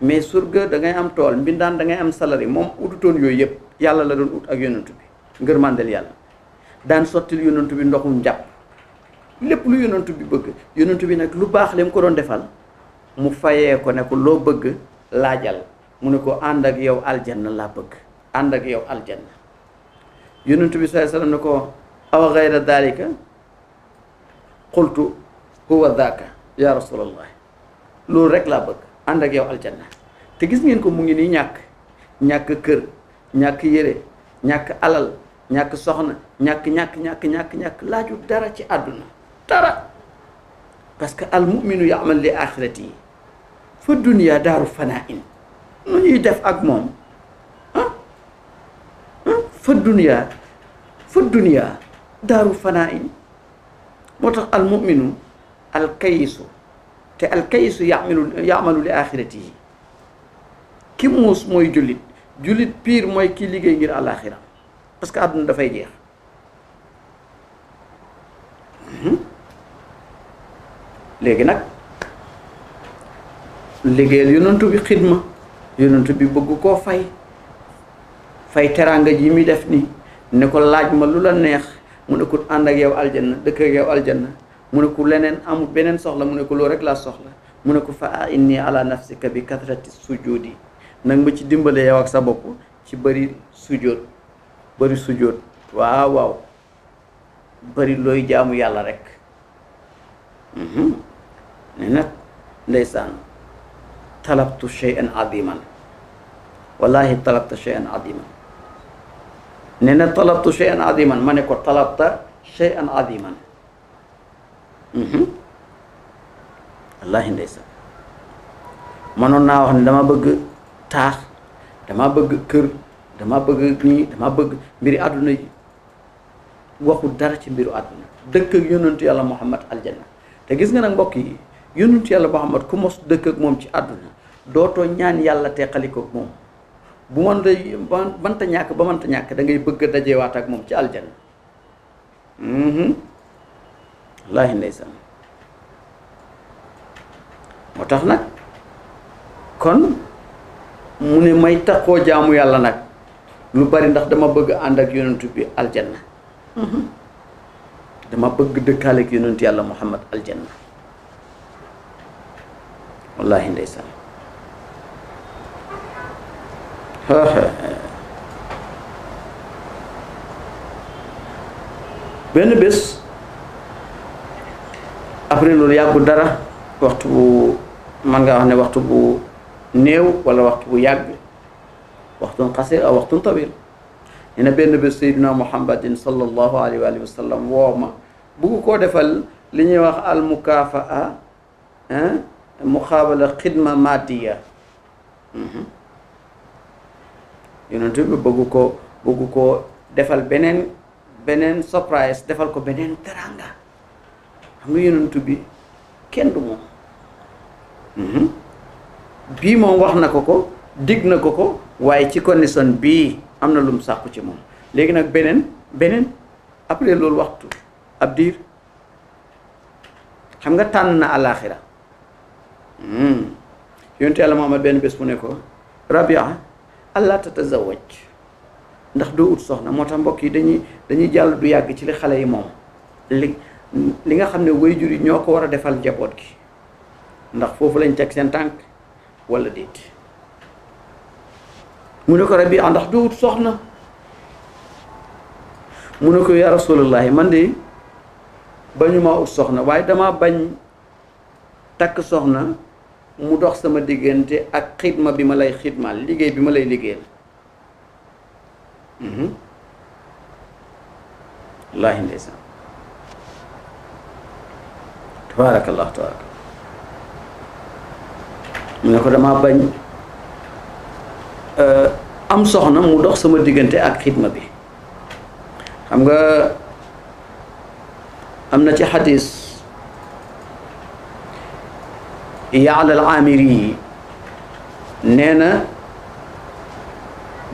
Speaker 3: mais surga da ngay am tol, mbindan da ngay am salary. Mom uduton yoy yep yalla la doon ut ak tubi bi mandel yalla daan sottil yonent bi ndoxum njàpp lépp lu yonent bi bëgg yonent bi nag lu baax li mu ko doon defal mu fayee ko ne ko loo bëgg laajal mu ne ko ànd ak yow aljanna laa bëgg ànd ak yow aljanna yonent bi sallallahu alayhi wasallam ne ko aw gayra dalika qultu huwa daaka ya rasulallah loolu rek laa bëgg ànd ak yow aljanna te gis ngeen ko mu ngi nii ñàkk ñàkk kër ñàkk yére ñàkk alal ñàkk soxna ñàkk ñàkk ñàkk ñàkk ñàkk laaju dara ci àdduna dara parce que al muminu yaamal li axirati yi fa dunia daaru fanaa def ak moom ah, ah fa dunia fa moo tax al muminu al kayisu te al kayisu yaamalu li axirati yi ki muus mooy jullit jullit piir mooy ki liggéey ngir àlaxira parce que da fay jeex hmm? léegi nak liggéeyal yonentou bi xidma yonentou bi bëgg ko fay fay teranga ji mi def ni ne ko laaj ma lula neex mu ne ko and ak yow aljanna dekk ak yow aljanna mu ne ko leneen am benen soxla mu ne ko lo rek la soxla mu ne ko fa inni ala nafsika bi kathratis sujudi nang ma ci dimbalé yow ak sa bop ci bari sujud bëri sujjóot waaw waaw looy jaamu yàlla rek mhm. ne nag ndeysaan talabtu shay'an adiman wallahi talabta shay'an adiman ne na talabtu shay'an adiman ma ne ko talabta shay'an adiman mhm. wallahi ndeysaan mënoon naa wax ne dama bëgg taax dama bëgg kër damaa bëgg ñii damaa bëgg mbiri àdduna yi waxu dara ci mbiru àdduna dëkk ak yonentu yàlla Muhammad aljanna te gis nga nag mbokk yi yonentu yàlla Muhammad ku mos dëkk ak moom ci àdduna dootoo ñaan yàlla teqaliko ak moom bu man da ñàkk ba mënta ñàkk da bëgg a dajewaat ak moom ci aljanna mm-hmm. wallaahi ndeysaan moo tax nag kon mu ne may taxoo jaamu yàlla nag lu bari ndax dama bëgg and ak yoonentou bi aljanna mhm. dama bëgg dëkkaale ak yoonentou yalla muhammad aljanna wallahi ndaysan ben bes après loolu yàggu dara waxtu bu man nga wax waxtu bu New, wala waxtu bu Yag. وقت قصير أو وقت طويل هنا يعني بين سيدنا محمد صلى الله عليه وآله وسلم وما بوكو كو ديفال لي ني المكافاه مقابل خدمه ماديه اها يونت بوكو بوكو كو ديفال بنين بنين سوربرايز كو بنين ترانغا هم يونت بي كين دو مو اها بي مو واخ waaye ci condition bii am na lu mu sàkku ci moom léegi nag beneen beneen après loolu waxtu ab diir xam nga tànn na àllaaxira hmm. yonte yàlla Muhammad benn bés mu ne ko rabia allah tatazawaj ndax doo ut soxna moo tax mbokk yi dañuy dañuy jàll du yàgg ci li xale yi moom li li nga xam ne waajur yi ñoo ko war a defal njaboot gi ndax foofu lañ teg seen tànk walla déet mu ne ko rabi a ah, ndax duwut soxna mu ne ko yaa rasulallahi man de bañu ut soxna waaye damaa bañ takk soxna mu dox sama diggante ak xidma bi ma lay xidmaal liggéey bi ma lay liggéeyal mhm. wallaahi ndeysaan tabaarakallahu tabaaraka mu ne ko dama bañ Euh, am soxna mu dox sama diggante ak xidma bi xam nga am na ci xadis Yaala al Amiri yi nee na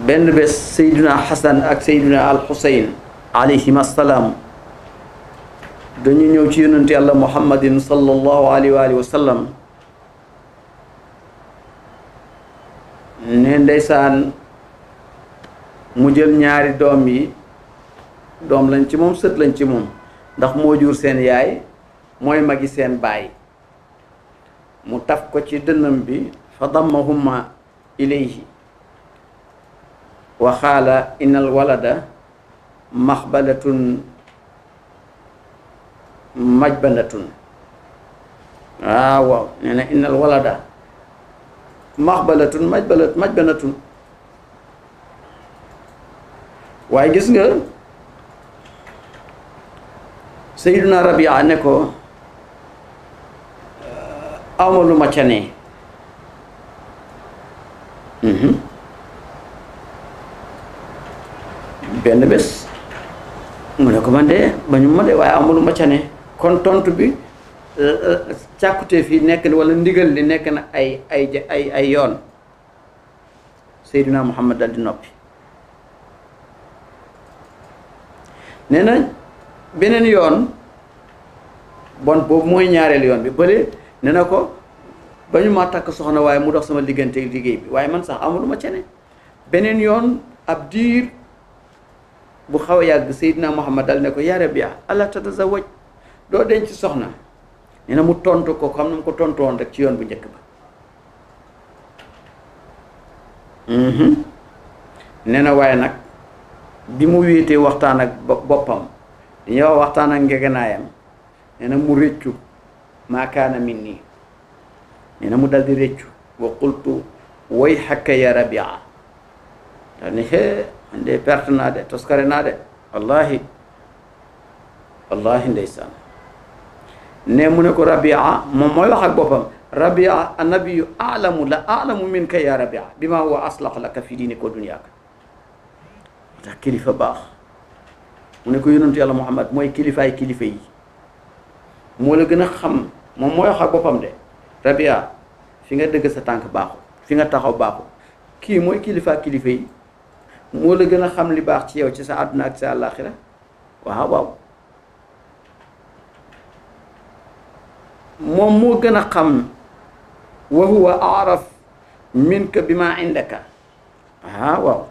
Speaker 3: benn bés Seydina Xasan ak Seydina al Xuseyn alayhim assalaam dañu ñëw ci yonent yàlla Muhammadin sallallahu alayhi wa sallam ne san, mu jël ñaari dom yi dom lañ ci mom seut lañ ci mom ndax mo jur seen yaay moy magi seen mu taf ko ci bi fa dammahuma ilayhi wa khala innal walada mahbalatun majbanatun ah wa nee innal walada maxbalatun majbalat majbanatun waaye gis nga Seydina Rabia ne ko amalu ma ca mhm. benn bés mu ne ko man de ba ñu ma de waaye amalu ma ca kon tontu bi Euh, euh, càkkute fii nekk na wala ndigal li nekk na ay ay ay yoon Seydina Muhammad dal di noppi nee na beneen yoon bon boobu mooy ñaareel yoon bi bële ne na ko ba ma takk soxna waaye mu dox sama liggante liggéey bi waaye man sax amuluma cene beneen yoon ab diir bu xaw a yàgg Seydina Muhammad dal ne ko yaa Rabia ala tatazawaj doo denc soxna nee mu tontu ko xam na mu ko tontu woon rek ci yoon bu njëkk ba mhm. nee na waaye nag bi mu wéetee waxtaan ak boppam dañuy wax waxtaan ak ngegenaayam nee mu réccu maakaana min nii nee na mu dal di réccu wa qultu way xakka ya rabia daal ne xee man de perte naa de toskare naa de wallahi wallahi ndeysaan نمونكو ربيعه موموي واخ اك بوبام ربيعه النبي اعلم لا اعلم منك يا ربيعه بما هو اصلح لك في دينك ودنياك تا باخ مونيكو يونت يالله محمد موي كليفاي كليفاي مولا غنا خم موموي واخ اك دي ربيعه فيغا دغ سا تانك باخو فيغا تاخو كي موي كليفا كليفاي مولا غنا خم لي باخ سي يو سي سا ادنا سي moom moo gën a xam wa huwa araf minka bi ma indaka ah waaw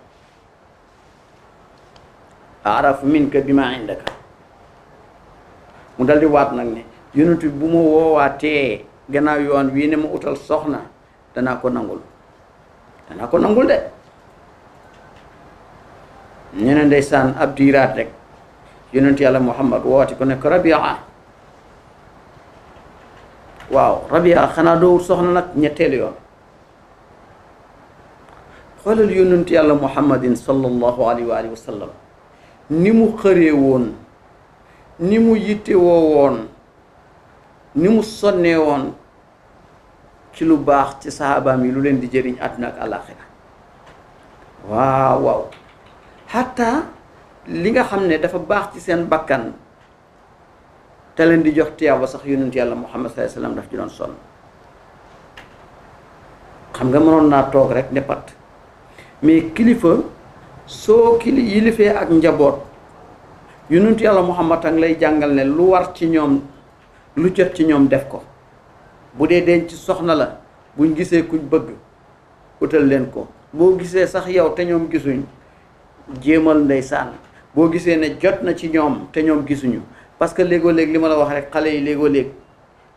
Speaker 3: araf minka bi ma indaka mu dal waat nag ne yonent bi bu ma woowaatee gannaaw yoon wii ne mu utal soxna danaa ko nangul dana ko nangul de ñeneen ndeysaan ab diiraat rek yonent yàlla muhammad woowati ko ne ko rabia waaw ak xanaa doo wut soxna nag ñetteelu yoon xoolal yonent yàlla muhammadin sallallahu alayhi wa alihi ni mu xëree woon ni mu yittewoo woon ni mu sonnee woon ci lu baax ci saxaabaam yi lu leen di jëriñ àdduna ak àllaaxira waaw waaw xataa li nga xam ne dafa baax ci seen bakkan te leen di jox tiyaaba sax yonent yàlla Muhammad sallallahu alayhi wasallam daf ci doon sonn xam nga mënoon naa toog rek ne pat mais kilifa soo kili ak njaboot yonent yàlla Muhammad a lay jàngal ne lu war ci ñoom lu jot ci ñoom def ko bu dee denc soxna la buñ gisee kuñ bëgg utal leen ko boo gisee sax yow te ñoom gisuñ jéemal ndeysaan boo gisee ne jot na ci ñoom te ñoom gisuñu parce que léegoo léeg li ma la wax rek xale yi léegoo léeg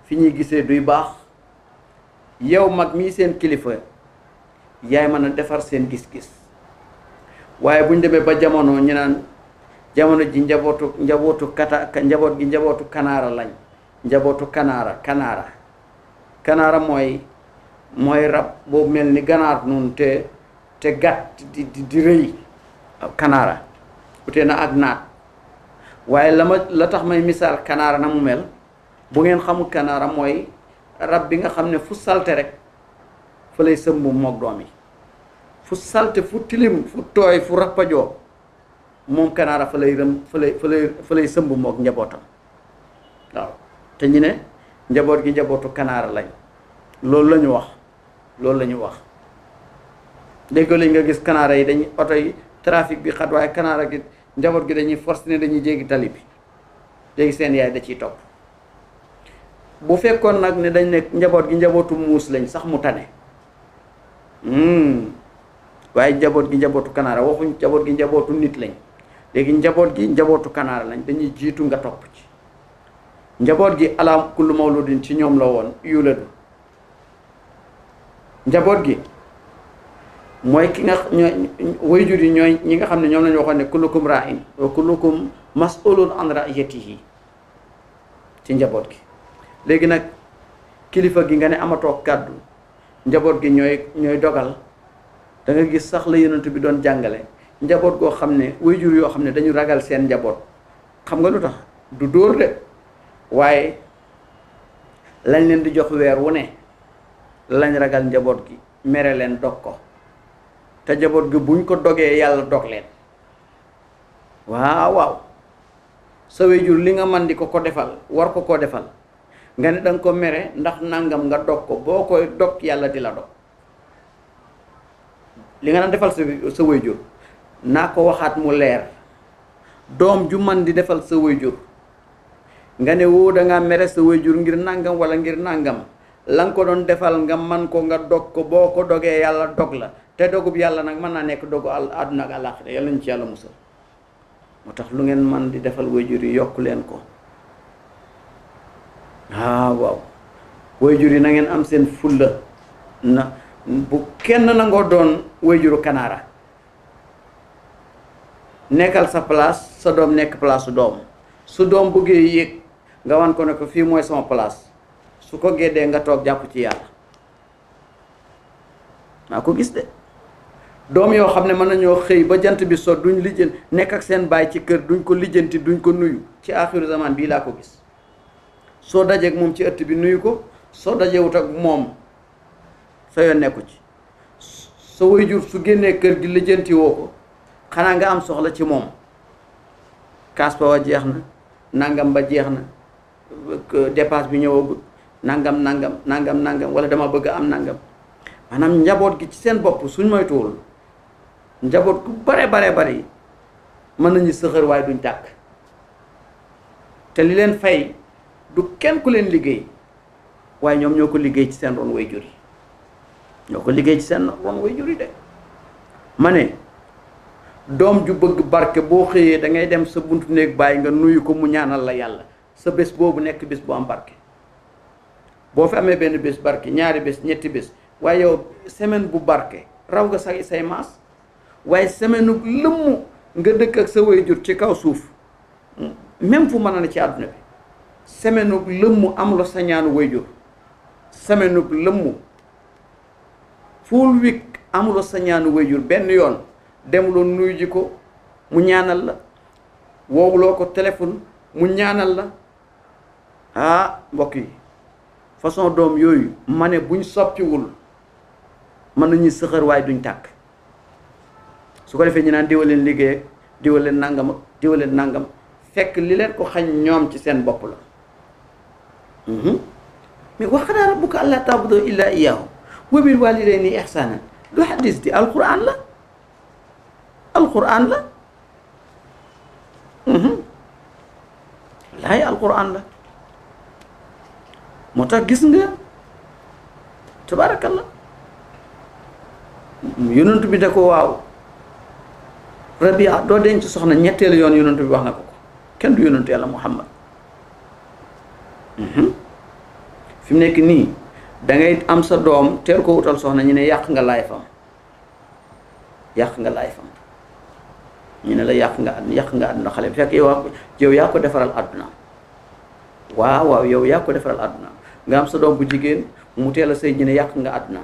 Speaker 3: fi ñuy gisee duy baax yow mag mii seen kilifa yaay mën a defar seen gis-gis waaye bu ñu demee ba jamono ñu naan jamono ji njabootu njabootu kata njaboot gi njabootu kanaara lañ njabootu kanaara kanaara kanaara mooy mooy rab boobu mel ni ganaar noonu te te gàtt di di rëy kanaara ute na ak naat waye lama la tax may misal kanara namu mel bu ngeen xamu kanara moy rab bi nga xamne ne fu salté rek fa lay sembu mok doom fu salté fu tilim fu toy fu rappajoo mom kanara fa lay rëm fa lay fa lay fa lay sëmb moog njabootam waaw te ñine njabot gi njabotu kanara lañ lool lañu wax lool lañu wax nga gis kanara yi dañ auto yi trafic bi xat way kanara gi njaboot gi dañuy force ne dañuy jéggi tali bi léegi seen yaay da ciy topp bu fekkoon nag ne dañ nekk njaboot gi njabootu muus lañ sax mu tane hmm. waaye njaboot gi njabootu kanaara waxuñ njaboot gi njabootu nit lañ léegi njaboot gi njabootu kanaara lañ dañuy jiitu nga topp ci njaboot gi ala kullu mawludin ci ñoom la woon yuladu njaboot gi mooy ki nga ñooy wayjur yi ñooy ñi nga xam ne ñoom lañu la ñu waxoon ne kullukum ra'in wa kullukum mas'ulun an yi ci njaboot gi léegi nag kilifa gi nga ne amatoo kàddu njaboot gi ñooy ñooy dogal da gis sax la yonent bi doon jàngale njaboot goo xam ne wayjur yoo xam ne dañu ragal seen njaboot xam nga lu tax du dóor de waaye lañ leen di jox weer wu ne lañ ragal njaboot gi mere leen dog ko te jabot gi buñ ko dogé yalla dog len waaw waaw sa li nga man di ko ko defal war ko ko defal nga ne dang ko mere ndax nangam nga dog ko bokoy dog yalla di la dog li nga nan defal sa wayjur na ko waxat mu leer dom ju man di defal sa wayjur nga ne da nga mere sa wayjur ngir nangam wala ngir nangam lang ko don defal nga man ko nga dog ko boko yalla dog la te bi yalla nak man na nek dogu naga ak alakhir yalla ñu ci yalla musul motax lu ngeen man di defal wayjur yi yok leen ko ah waaw wayjur yi na ngeen am seen fulla na bu kenn nangoo doon wayjuru kanara nekkal sa place sa dom nek place su dom bu doom yek nga wan ko nak fi moy sama place su ko géddee nga tok japp ci yalla maa gis de doom yoo xam ne mën nañoo xëy ba jant bi so duñ lijjan nekk ak seen baay ci kër duñ ko lijjanti duñ ko nuyu ci aaxiru zaman bii laa ko gis soo dajeeg moom ci ëtt bi nuyu ko soo dajewut ak moom sa yoon nekku ci soo waajur su génnee kër gi lijjanti woo ko xanaa nga am soxla ci moom kaas ba jeex na nangam ba jeex na dépasse bi ñëwagul nangam nangam nangam nangam wala dama bëgg a am nangam maanaam njaboot gi ci seen bopp suñ moytuwul njabot ku bare bare bare man nañu sëxër way duñ tak te li len fay du kenn ku nyom liggéey way ñom ñoko ko liggéey ci sen ron way jur yi ñoo liggéey ci sen ron way jur de ju bëgg barké bo xeyé da ngay dem sa buntu neek bay nga nuyu ko mu ñaanal la yalla sa bés bobu nekk bes bu am barké bo fi amé benn bes barké ñaari bés ñetti bés yow semaine bu barké. raw nga say say waaye semaine lëmm nga dëkk ak sa waajur ci kaw suuf même fu mën a ne ci àdduna bi semaine lëmm amuloo sa ñaanu waajur semaine lëmm full wik amulo sa ñaanu waajur benn yoon demuloo nuyu ko mu ñaanal la woowuloo ko téléphone mu ñaanal la ah mbokk yi façon doom yooyu ma ne buñ soppiwul mën nañuy sëxër waaye duñ tàkk su ko defee ñu naan diwaleen liggéey ak diwaleen nangam diwaleen nangam fekk li leen ko xañ ñoom ci seen bopp la mhm. mais wa qadaa rabbuka allaa ta'budu illaa iyyaahu wa bil waalidayni ihsaanan du xadis di alquran la la mhm. laay alquran la moo tax gis nga tabaarakallah yonent bi ko waaw rabia doo denc soxna ñetteelu yoon yonantu bi wax na ko ko kenn du yonantu yàlla muhammad mhm. fi mu nekk nii dangay am sa doom teel ko wutal soxna ñu ne yàq nga laay fam yàq nga laay fam ñu ne la yàq nga àdduna yàq nga àdduna xale bi fekk yow yow yaa ko defaral àdduna waaw waaw yow yaa ko defaral àdduna nga am sa doom bu jigéen mu teel a sëy ne yàq nga àdduna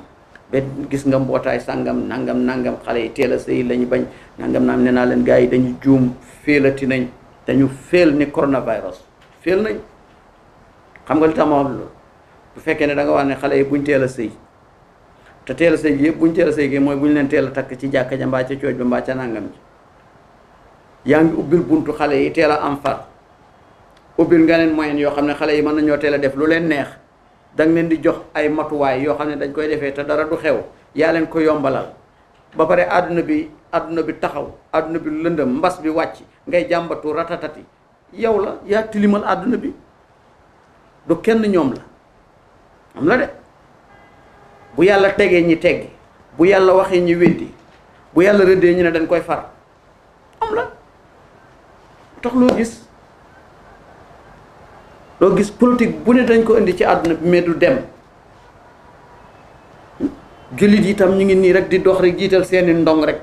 Speaker 3: ba gis nga mbootaay sàngam nangam nangam xale yi teel a sëy lañu ñu bañ nangam am nee naa leen gaa yi dañu juum féelati nañ dañu feel ni coronavirus feel nañ xam nga li tax ma fekkee ne da nga wax ne xale yi buñ teel a te teel a sëy gi yëpp buñ teel a sëy mooy buñ leen teel a takk ci jàkka ja mbaa ca cooj ba mbaa ca nangam yaa ngi ubbil buntu xale yi teel a am far ubbil nga leen moyen yoo xam ne xale yi mën nañoo teel a def lu leen neex da nga leen di jox ay matuwaay yoo xam ne dañ koy defee te dara du xew yaa leen ko yombalal ba pare àdduna bi àdduna bi taxaw àdduna bi lëndëm mbas bi wàcc ngay jàmbatu ratatati yow la yaa tilimal àdduna bi du kenn ñoom la am la de bu yàlla tegee ñi teggi bu yàlla waxee ñi weddi bu yàlla rëddee ñu ne dañ koy far am la tax loo gis loo gis politique bu ne dañ ko indi ci àdduna bi mais du dem jullit yitam tam ñu ngi nii rek di dox rek jiital seeni ndong rek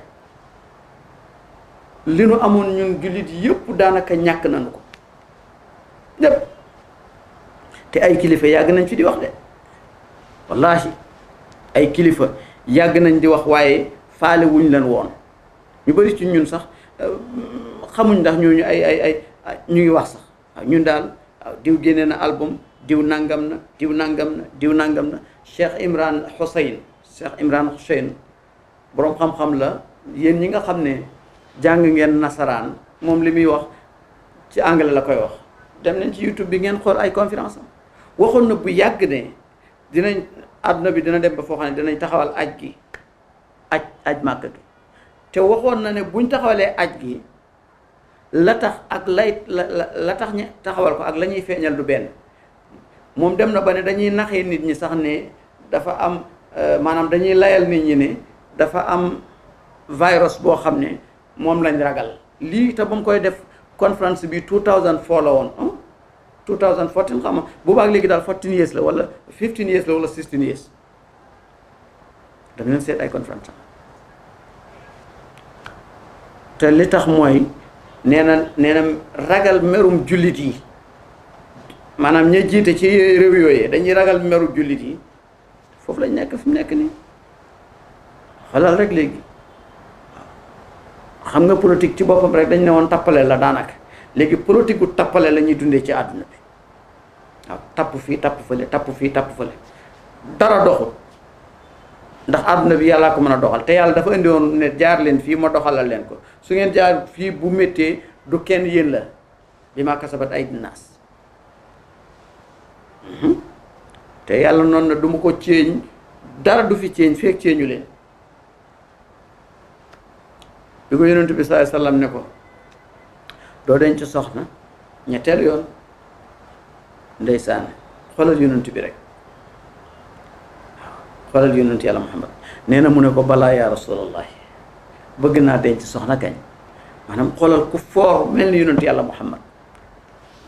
Speaker 3: li nu amoon ñun jullit yëpp daanaka ñàkk nañu ko lépp te ay kilifa yàgg nañ fi di wax de wallaahi ay kilifa yàgg nañ di wax waaye faale wuñ leen woon ñu bari ci ñun sax euh, xamuñ ndax ñooñu ay ay ay ñu ngi wax sax ñun daal waaw diw génne na album diw nangam na diw nàngam na diw nangam na Cheikh Imran Hussein Cheikh Imran Hussein boroom xam-xam la yéen ñi nga xam ne jàng ngeen nasaraan moom li muy wax ci anglais la koy wax dem nañ ci YouTube bi ngeen xool ay conférence waxoon na bu yàgg ne dinañ àdduna bi dina dem ba foo xam ne dinañ taxawal aj gi aj aj màkkatu te waxoon na ne buñ taxawalee aj gi la tax ak lay la la tax ñi taxawal ko ak la ñuy feeñal du benn moom dem na ba ne dañuy naxee nit ñi sax ne dafa am euh, maanaam dañuy layal nit ñi ne dafa am virus boo xam ne moom lañ ragal lii te ba mu koy def conférence bi 2004 la woon 2014 xam nga boobaak léegi daal 14 years la wala 15 years la wala 16 years dama leen seet ay conférence te li tax mooy nee na nee na ragal merum jullit yi maanaam ña jiite ci réew yooyu dañuy ragal meru jullit yi foofu lañ nekk fi mu nekk nii xalal rek léegi xam nga politique ci boppam rek dañ ne woon tappale la daanaka léegi politique gu tappale la ñuy dundee ci àdduna bi waaw tapp fii tapp fële tapp fii tapp fële dara doxul ndax àdduna bi yàlla ko mën a doxal te yàlla dafa indi woon ne jaar leen fii ma doxalal leen ko su ngeen jaar fii bu méttee du kenn yéen la bi ma kasabat ay naas mhm. te yàlla noonu na duma ko ceeñ dara du fi ceeñ feek ceeñu leen bi ko yonent bi saai sallam ne ko doo denc soxna ñetteel yoon ndeysaan xoolal yonent bi rek xoolal yonent yàlla muhammad nee na mu ne ko balaa yaa rasulallah bëgg naa denc soxna kañ maanaam xoolal ku foor mel ni yonent yàlla muhammad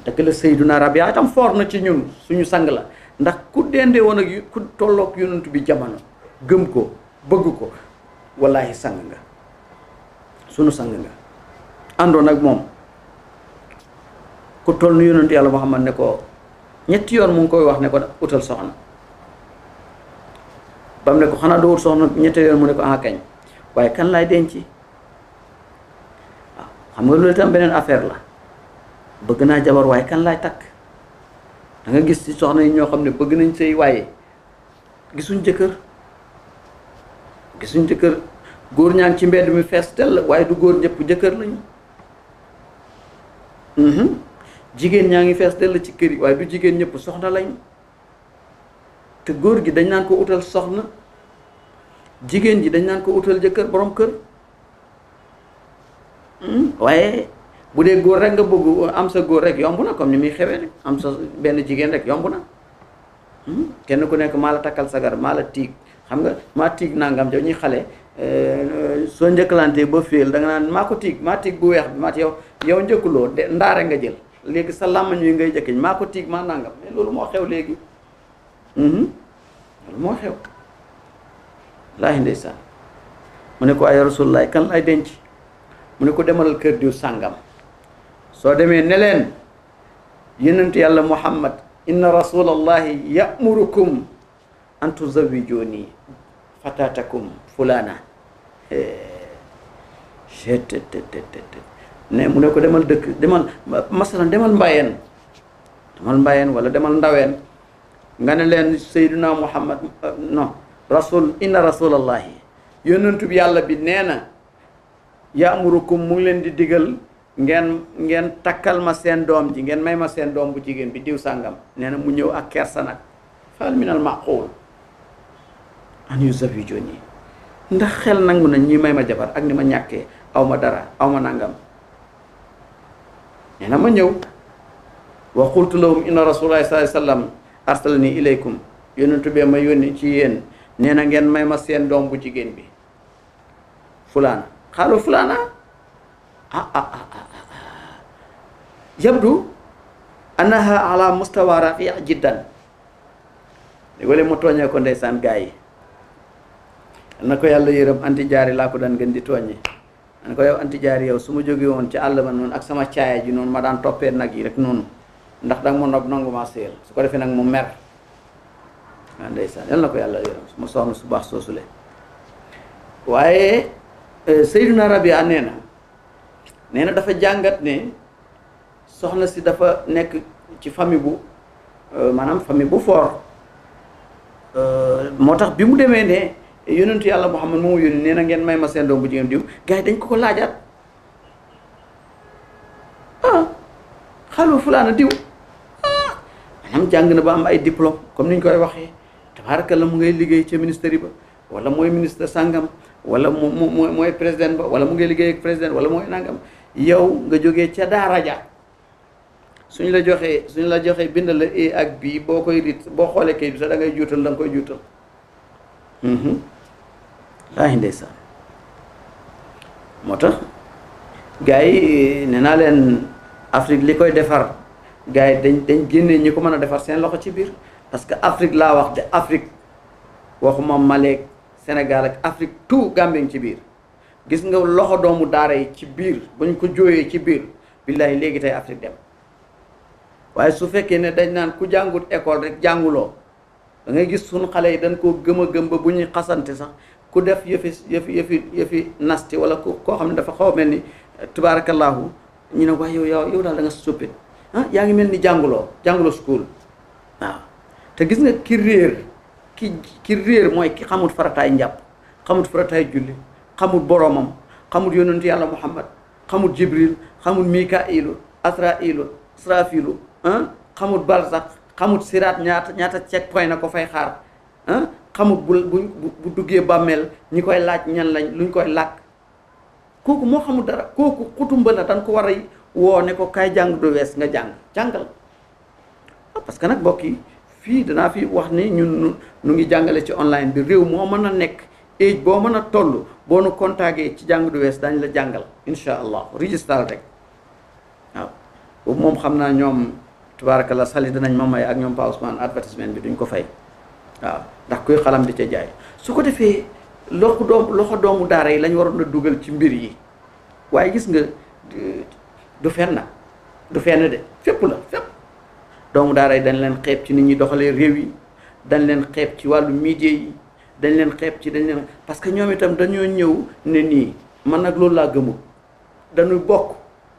Speaker 3: dëgg la Seydina Rabia foor na ci ñun suñu sang la ndax ku dendee woon ak ku tollook yonent bi jamono gëm ko bëgg ko wallaahi sang nga sunu sang nga àndoon ak moom ku toll ni yonent yàlla muhammad ne ko ñetti yoon mu ngi koy wax ne ko utal soxna ba mu ne ko xanaa doo wut soxna ñetti yoon mu ne ko ah kañ waaye kan laay denc xam nga loolu itam beneen affaire la bëgg naa jabar waaye kan laay takk danga gis ci soxna yi ñoo xam ne bëgg nañ sëy waaye gisuñ jëkkër gisuñ jëkkër góor ñaa ngi ci mbedd mi fees dell waaye du góor ñëpp jëkkër lañu mhm. jigéen ñaa ngi fees dell ci kër yi waaye du jigéen ñëpp soxna lañu te góor gi dañ naan ko utal soxna jigéen ji dañ naan ko utal jëkkër borom kër hmm? waaye bu dee góor rek nga bëgg am sa góor rek yomb na comme ni muy xewee rek am sa benn jigéen rek yomb na hmm? kenn ku nekk maa la takkal sagar maa la tiig xam nga maa tiig nangam ja ñuy xale euh, soo njëkkalantee ba féel da nga naan maa ko tiig maa tiig bu weex bi maa yow yow njëkkuloo de ndaare nga jël léegi sa làmmañ wi ngay jëkkiñ maa ko tiig maa nangam loolu moo xew léegi hmm? loolu moo xew laahi ndeysaan mu ne ko ay rasulullaay kan lay denc mu ne ko demal kër diw sàngam soo demee ne leen yonent yàlla muhammad inna rasulallahi yamurukum an tuzawijooni fatatakum fulana cettt ne mu ne ko demal dëkk demal masalan demal mbayeen demal mbayeen wala demal ndaween nga ne leen sayduna muhammad non rasul inna rasulallahi yonentou bi yalla bi neena ya'murukum yaamurukum mu ngi di digal ngen ngen takal ma sen dom ji ngen may ma sen dom bu jigen bi diw sangam neena mu ñew ak kersa fal min al maqul an joni ndax xel nangu na ñi may ma jabar ak ni ma ñaké awma dara awma nangam neena ma ñew wa qultu lahum inna rasulallahi sallallahu alayhi wasallam sallam arsalani ilaykum yonentou be ma yoni ci yene nee ngeen may ma seen dom bu jigen bi fulana xalu fulana ah. Ah ah, ah ah ah yabdu annaha ala mustawa rafia jiddan wolé mo tooñee ko ndaysan gaay yi na ko yàlla yërëm anti jaari la ko dan gën di tooñee man ko yow anti jaari yow su ma won ci Allah man non ak sama chaaya ji non ma dan topé nak yi rek non ndax dag mo nok nangu seel su ko defé nak mu mer ndeysaan nah, yal eh, na ko yàlla yërëm suma soxna su baax soosule waaye Seydina Rabia nee na dafa jangat ne soxna si dafa nek ci famille bu eh, Manam famille bu for eh, moo tax bi mu ne yonentu yàlla Muhammad moomu yónni nee na ngeen may ma seen doom bu jigéen diw dañ ko ko ah xalu fulaana diw ah maanaam jàng na ba am ay diplôme comme ni koy waxee Har la mu ngay liggey ci ministère ba wala moy ministre sangam wala moy moy president président ba wala mu ngay liggey ak président wala moy nangam yow nga jógee ci daara ja suñ la joxee suñ la joxee bind la e ak B bokoy rit boo xoolee kayit bi sax da ngay juutal dang koy juutal hmm la moo sa motax gay neena len Afrique likoy defar gay dañ dañ genné ñi ko mëna defar seen loxo ci bir parce que Afrique laa wax de Afrique waxuma Maleek senegal ak Afrique tout Gambie ci biir gis nga loxo doomu daara yi ci biir ba ko jóoyee ci biir billahi léegi tey Afrique dem waaye su fekkee ne dañ naan ku jàngut ecole rek jànguloo da ngay gis suñu xale yi dañ koo gëm a gëm ba bu ñuy xasante sax ku def yëfi yëfi yëfi yëfi nasti wala ku koo xam ne dafa xaw a mel ni tubaarakallaahu ñu ne waaye yow yow daal danga nga suppé ah, yaa ngi mel ni jànguloo jànguloo school waaw te gis nga ki réer ki ki réer mooy ki xamut farataay njàpp xamut farataay julli xamut boroomam xamut yonentu yàlla muhammad xamut jibril xamut mikailu asrailu srafilu xamut barzak xamut siraat ñaata ñaata check point na ko fay xaar xamut bu bu bu duggee bàmmeel ñi koy laaj ñan lañ luñ koy làkk kooku moo xamul dara kooku xutumba la dañ ko war a woo ne ko kaay jàng du wees nga jàng jàngal ah parce que nag mbokk yi fii danaa fi wax ni ñun nu ngi jàngale ci online bi réew moo mën a nekk age boo mën a toll boo nu contacté ci jàng du wees daañu la jàngal incha allah registral rek waaw moom xam naa ñoom tubaarakallah sali danañ ma may ak ñoom Pa Ousmane advertisement bi duñ ko fay waaw ndax kuy xalam di ca jaay su ko defee loxo loxo doomu daara yi lañ waroon a dugal ci mbir yi waaye gis nga du fenn du fenn de fépp la fépp doomu daara yi dañ leen xeeb ci ni ñuy doxalee réew yi dañ leen xeeb ci wàllu média yi dañ leen xeeb ci dañ leen parce que ñoom itam dañoo ñëw ne nii man nag loolu laa gëmul dañuy bokk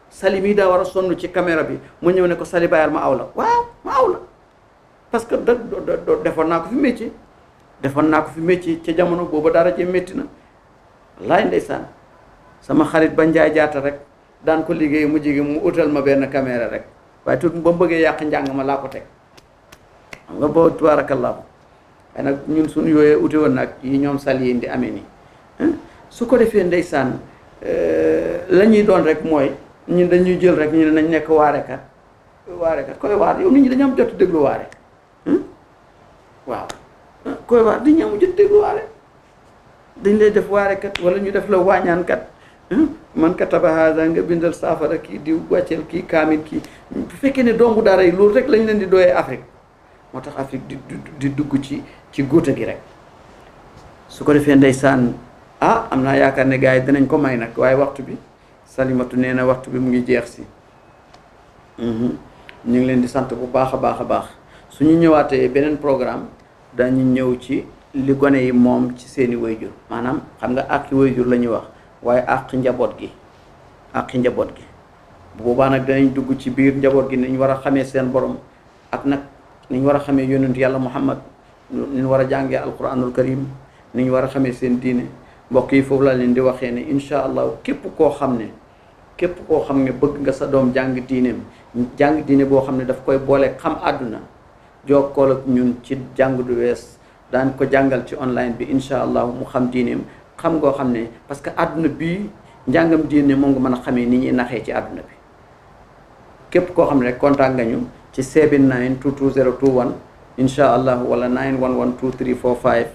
Speaker 3: sali mii daa war a sonn ci caméra bi mu ñëw ne ko sali ma aw la waaw ma aw la parce que da defoon naa ko fi métier defoon naa ko fi métier ca jamono booba dara cee métti na laay ndeysaan sama xarit ba njaay jaata rek daan ko liggéey mu jigi mu utal ma benn caméra rek waaye tur ba mu bëggee yàq njàng ma laa ko teg xam nga boo tubaarakallaahu waaye nag ñun suñu yooyee ute woon nag yi ñoom sal yi di amee nii su ko defee ndeysaan euh, la ñuy doon rek mooy ñun dañuy jël rek ñu ne nañ nekk waarekat waarekat koy waar yow nit ñi dañu am jot déglu waare waaw koy waar di ñu am jot déglu dañ lay def waarekat wala ñu def la waañaankat man kataba haza nga bindal saafara kii diw wàcceel kii kaamil kii bu fekkee ne dongu daara yi loolu rek lañu leen di doyee Afrique moo tax Afrique di di dugg ci ci góota gi rek su ko defee ndeysaan ah am naa yaakaar ne gars yi dinañ ko may nag waaye waxtu bi salimatu nee na waxtu bi mu ngi jeex si mhm. ñu ngi leen di sant bu baax a baax a baax su ñu ñëwaatee beneen programme dañu ñëw ci li gone yi moom ci seeni way jur maanaam xam nga ak ci jur la ñuy wax waaye àq njaboot gi àq njaboot gi bu baa nag danañ dugg ci biir njaboot gi ni war a xamee seen borom ak nag ni war a xamee yonent yàlla muhammad ni ñu war a jàngee alquranul karim ni ñu war a xamee seen diine mbokk yi foofu la leen di waxee ne incha allah képp koo xam ne képp koo xam ne bëgg nga sa doom jàng diineem jàng diine boo xam ne daf koy boole xam àdduna jokkool ak ñun ci jàng du wees daan ko jàngal ci online bi incha allah mu xam diineem xam ngoo xam ne parce que àdduna bii njàngam diine moo nga mën a xamee ni ñuy naxee ci àdduna bi képp koo xam ne rek kontaan nga ñu ci 7922021 incha allah wala 911234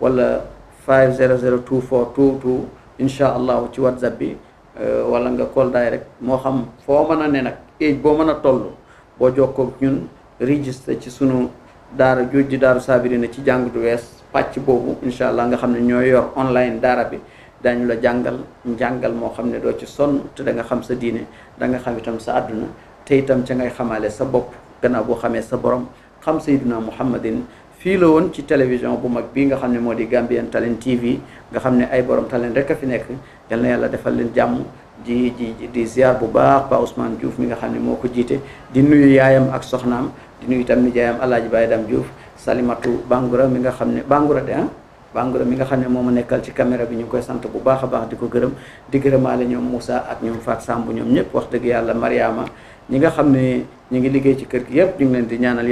Speaker 3: wala 50024222 incha allah ci whatsapp bi euh, wala nga call direct moo xam foo mën a ne nag éej boo mën a toll boo jokkoog ñun registré ci sunu daar daara jooju daaru saabirina ci jàng du wees pàcc boobu incha allah nga xam ne ñoo yor online daara bi dañu la jàngal njàngal moo xam ne doo ci sonn te da nga xam sa diine da nga xam itam sa àdduna te itam ca ngay xamaale sa bopp gannaaw boo xamee sa borom xam sa sayyidina muhammadin fii la woon ci télévision bu mag bii nga xam ne moo di Gambian Talent TV nga xam ne ay borom talent rek a fi nekk yal na yàlla defal leen jàmm di di di bu baax ba Ousmane Diouf mi nga xam ne moo ko jiite di nuyu yaayam ak soxnaam di nuyu itam nijaayam Alaaji Baye Dam Diouf salimatu bangura mi nga xamne bangura de ah? bangura mi nga xamne ne nekkal ci caméra bi ñu koy sant bu baaxa baax di gëreum di gërëmaale ñom Moussa ak ñom Fat Samb ñom ñepp wax deug Yalla Mariama ñi nga xamne ñi ngi liggéey ci kër gi yépp ñu ngi leen di ñaanal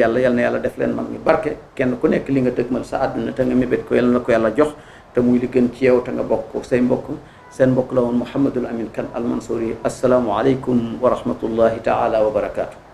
Speaker 3: na def leen mag ñu barke kenn ku nekk li nga dëgmal sa àdduna te nga mébét ko na ko jox te muy li gën ci yow ta nga bokk say mbokk sen mbokk la Amin kan Al Mansuri alaykum wa rahmatullahi taala wa barakatuh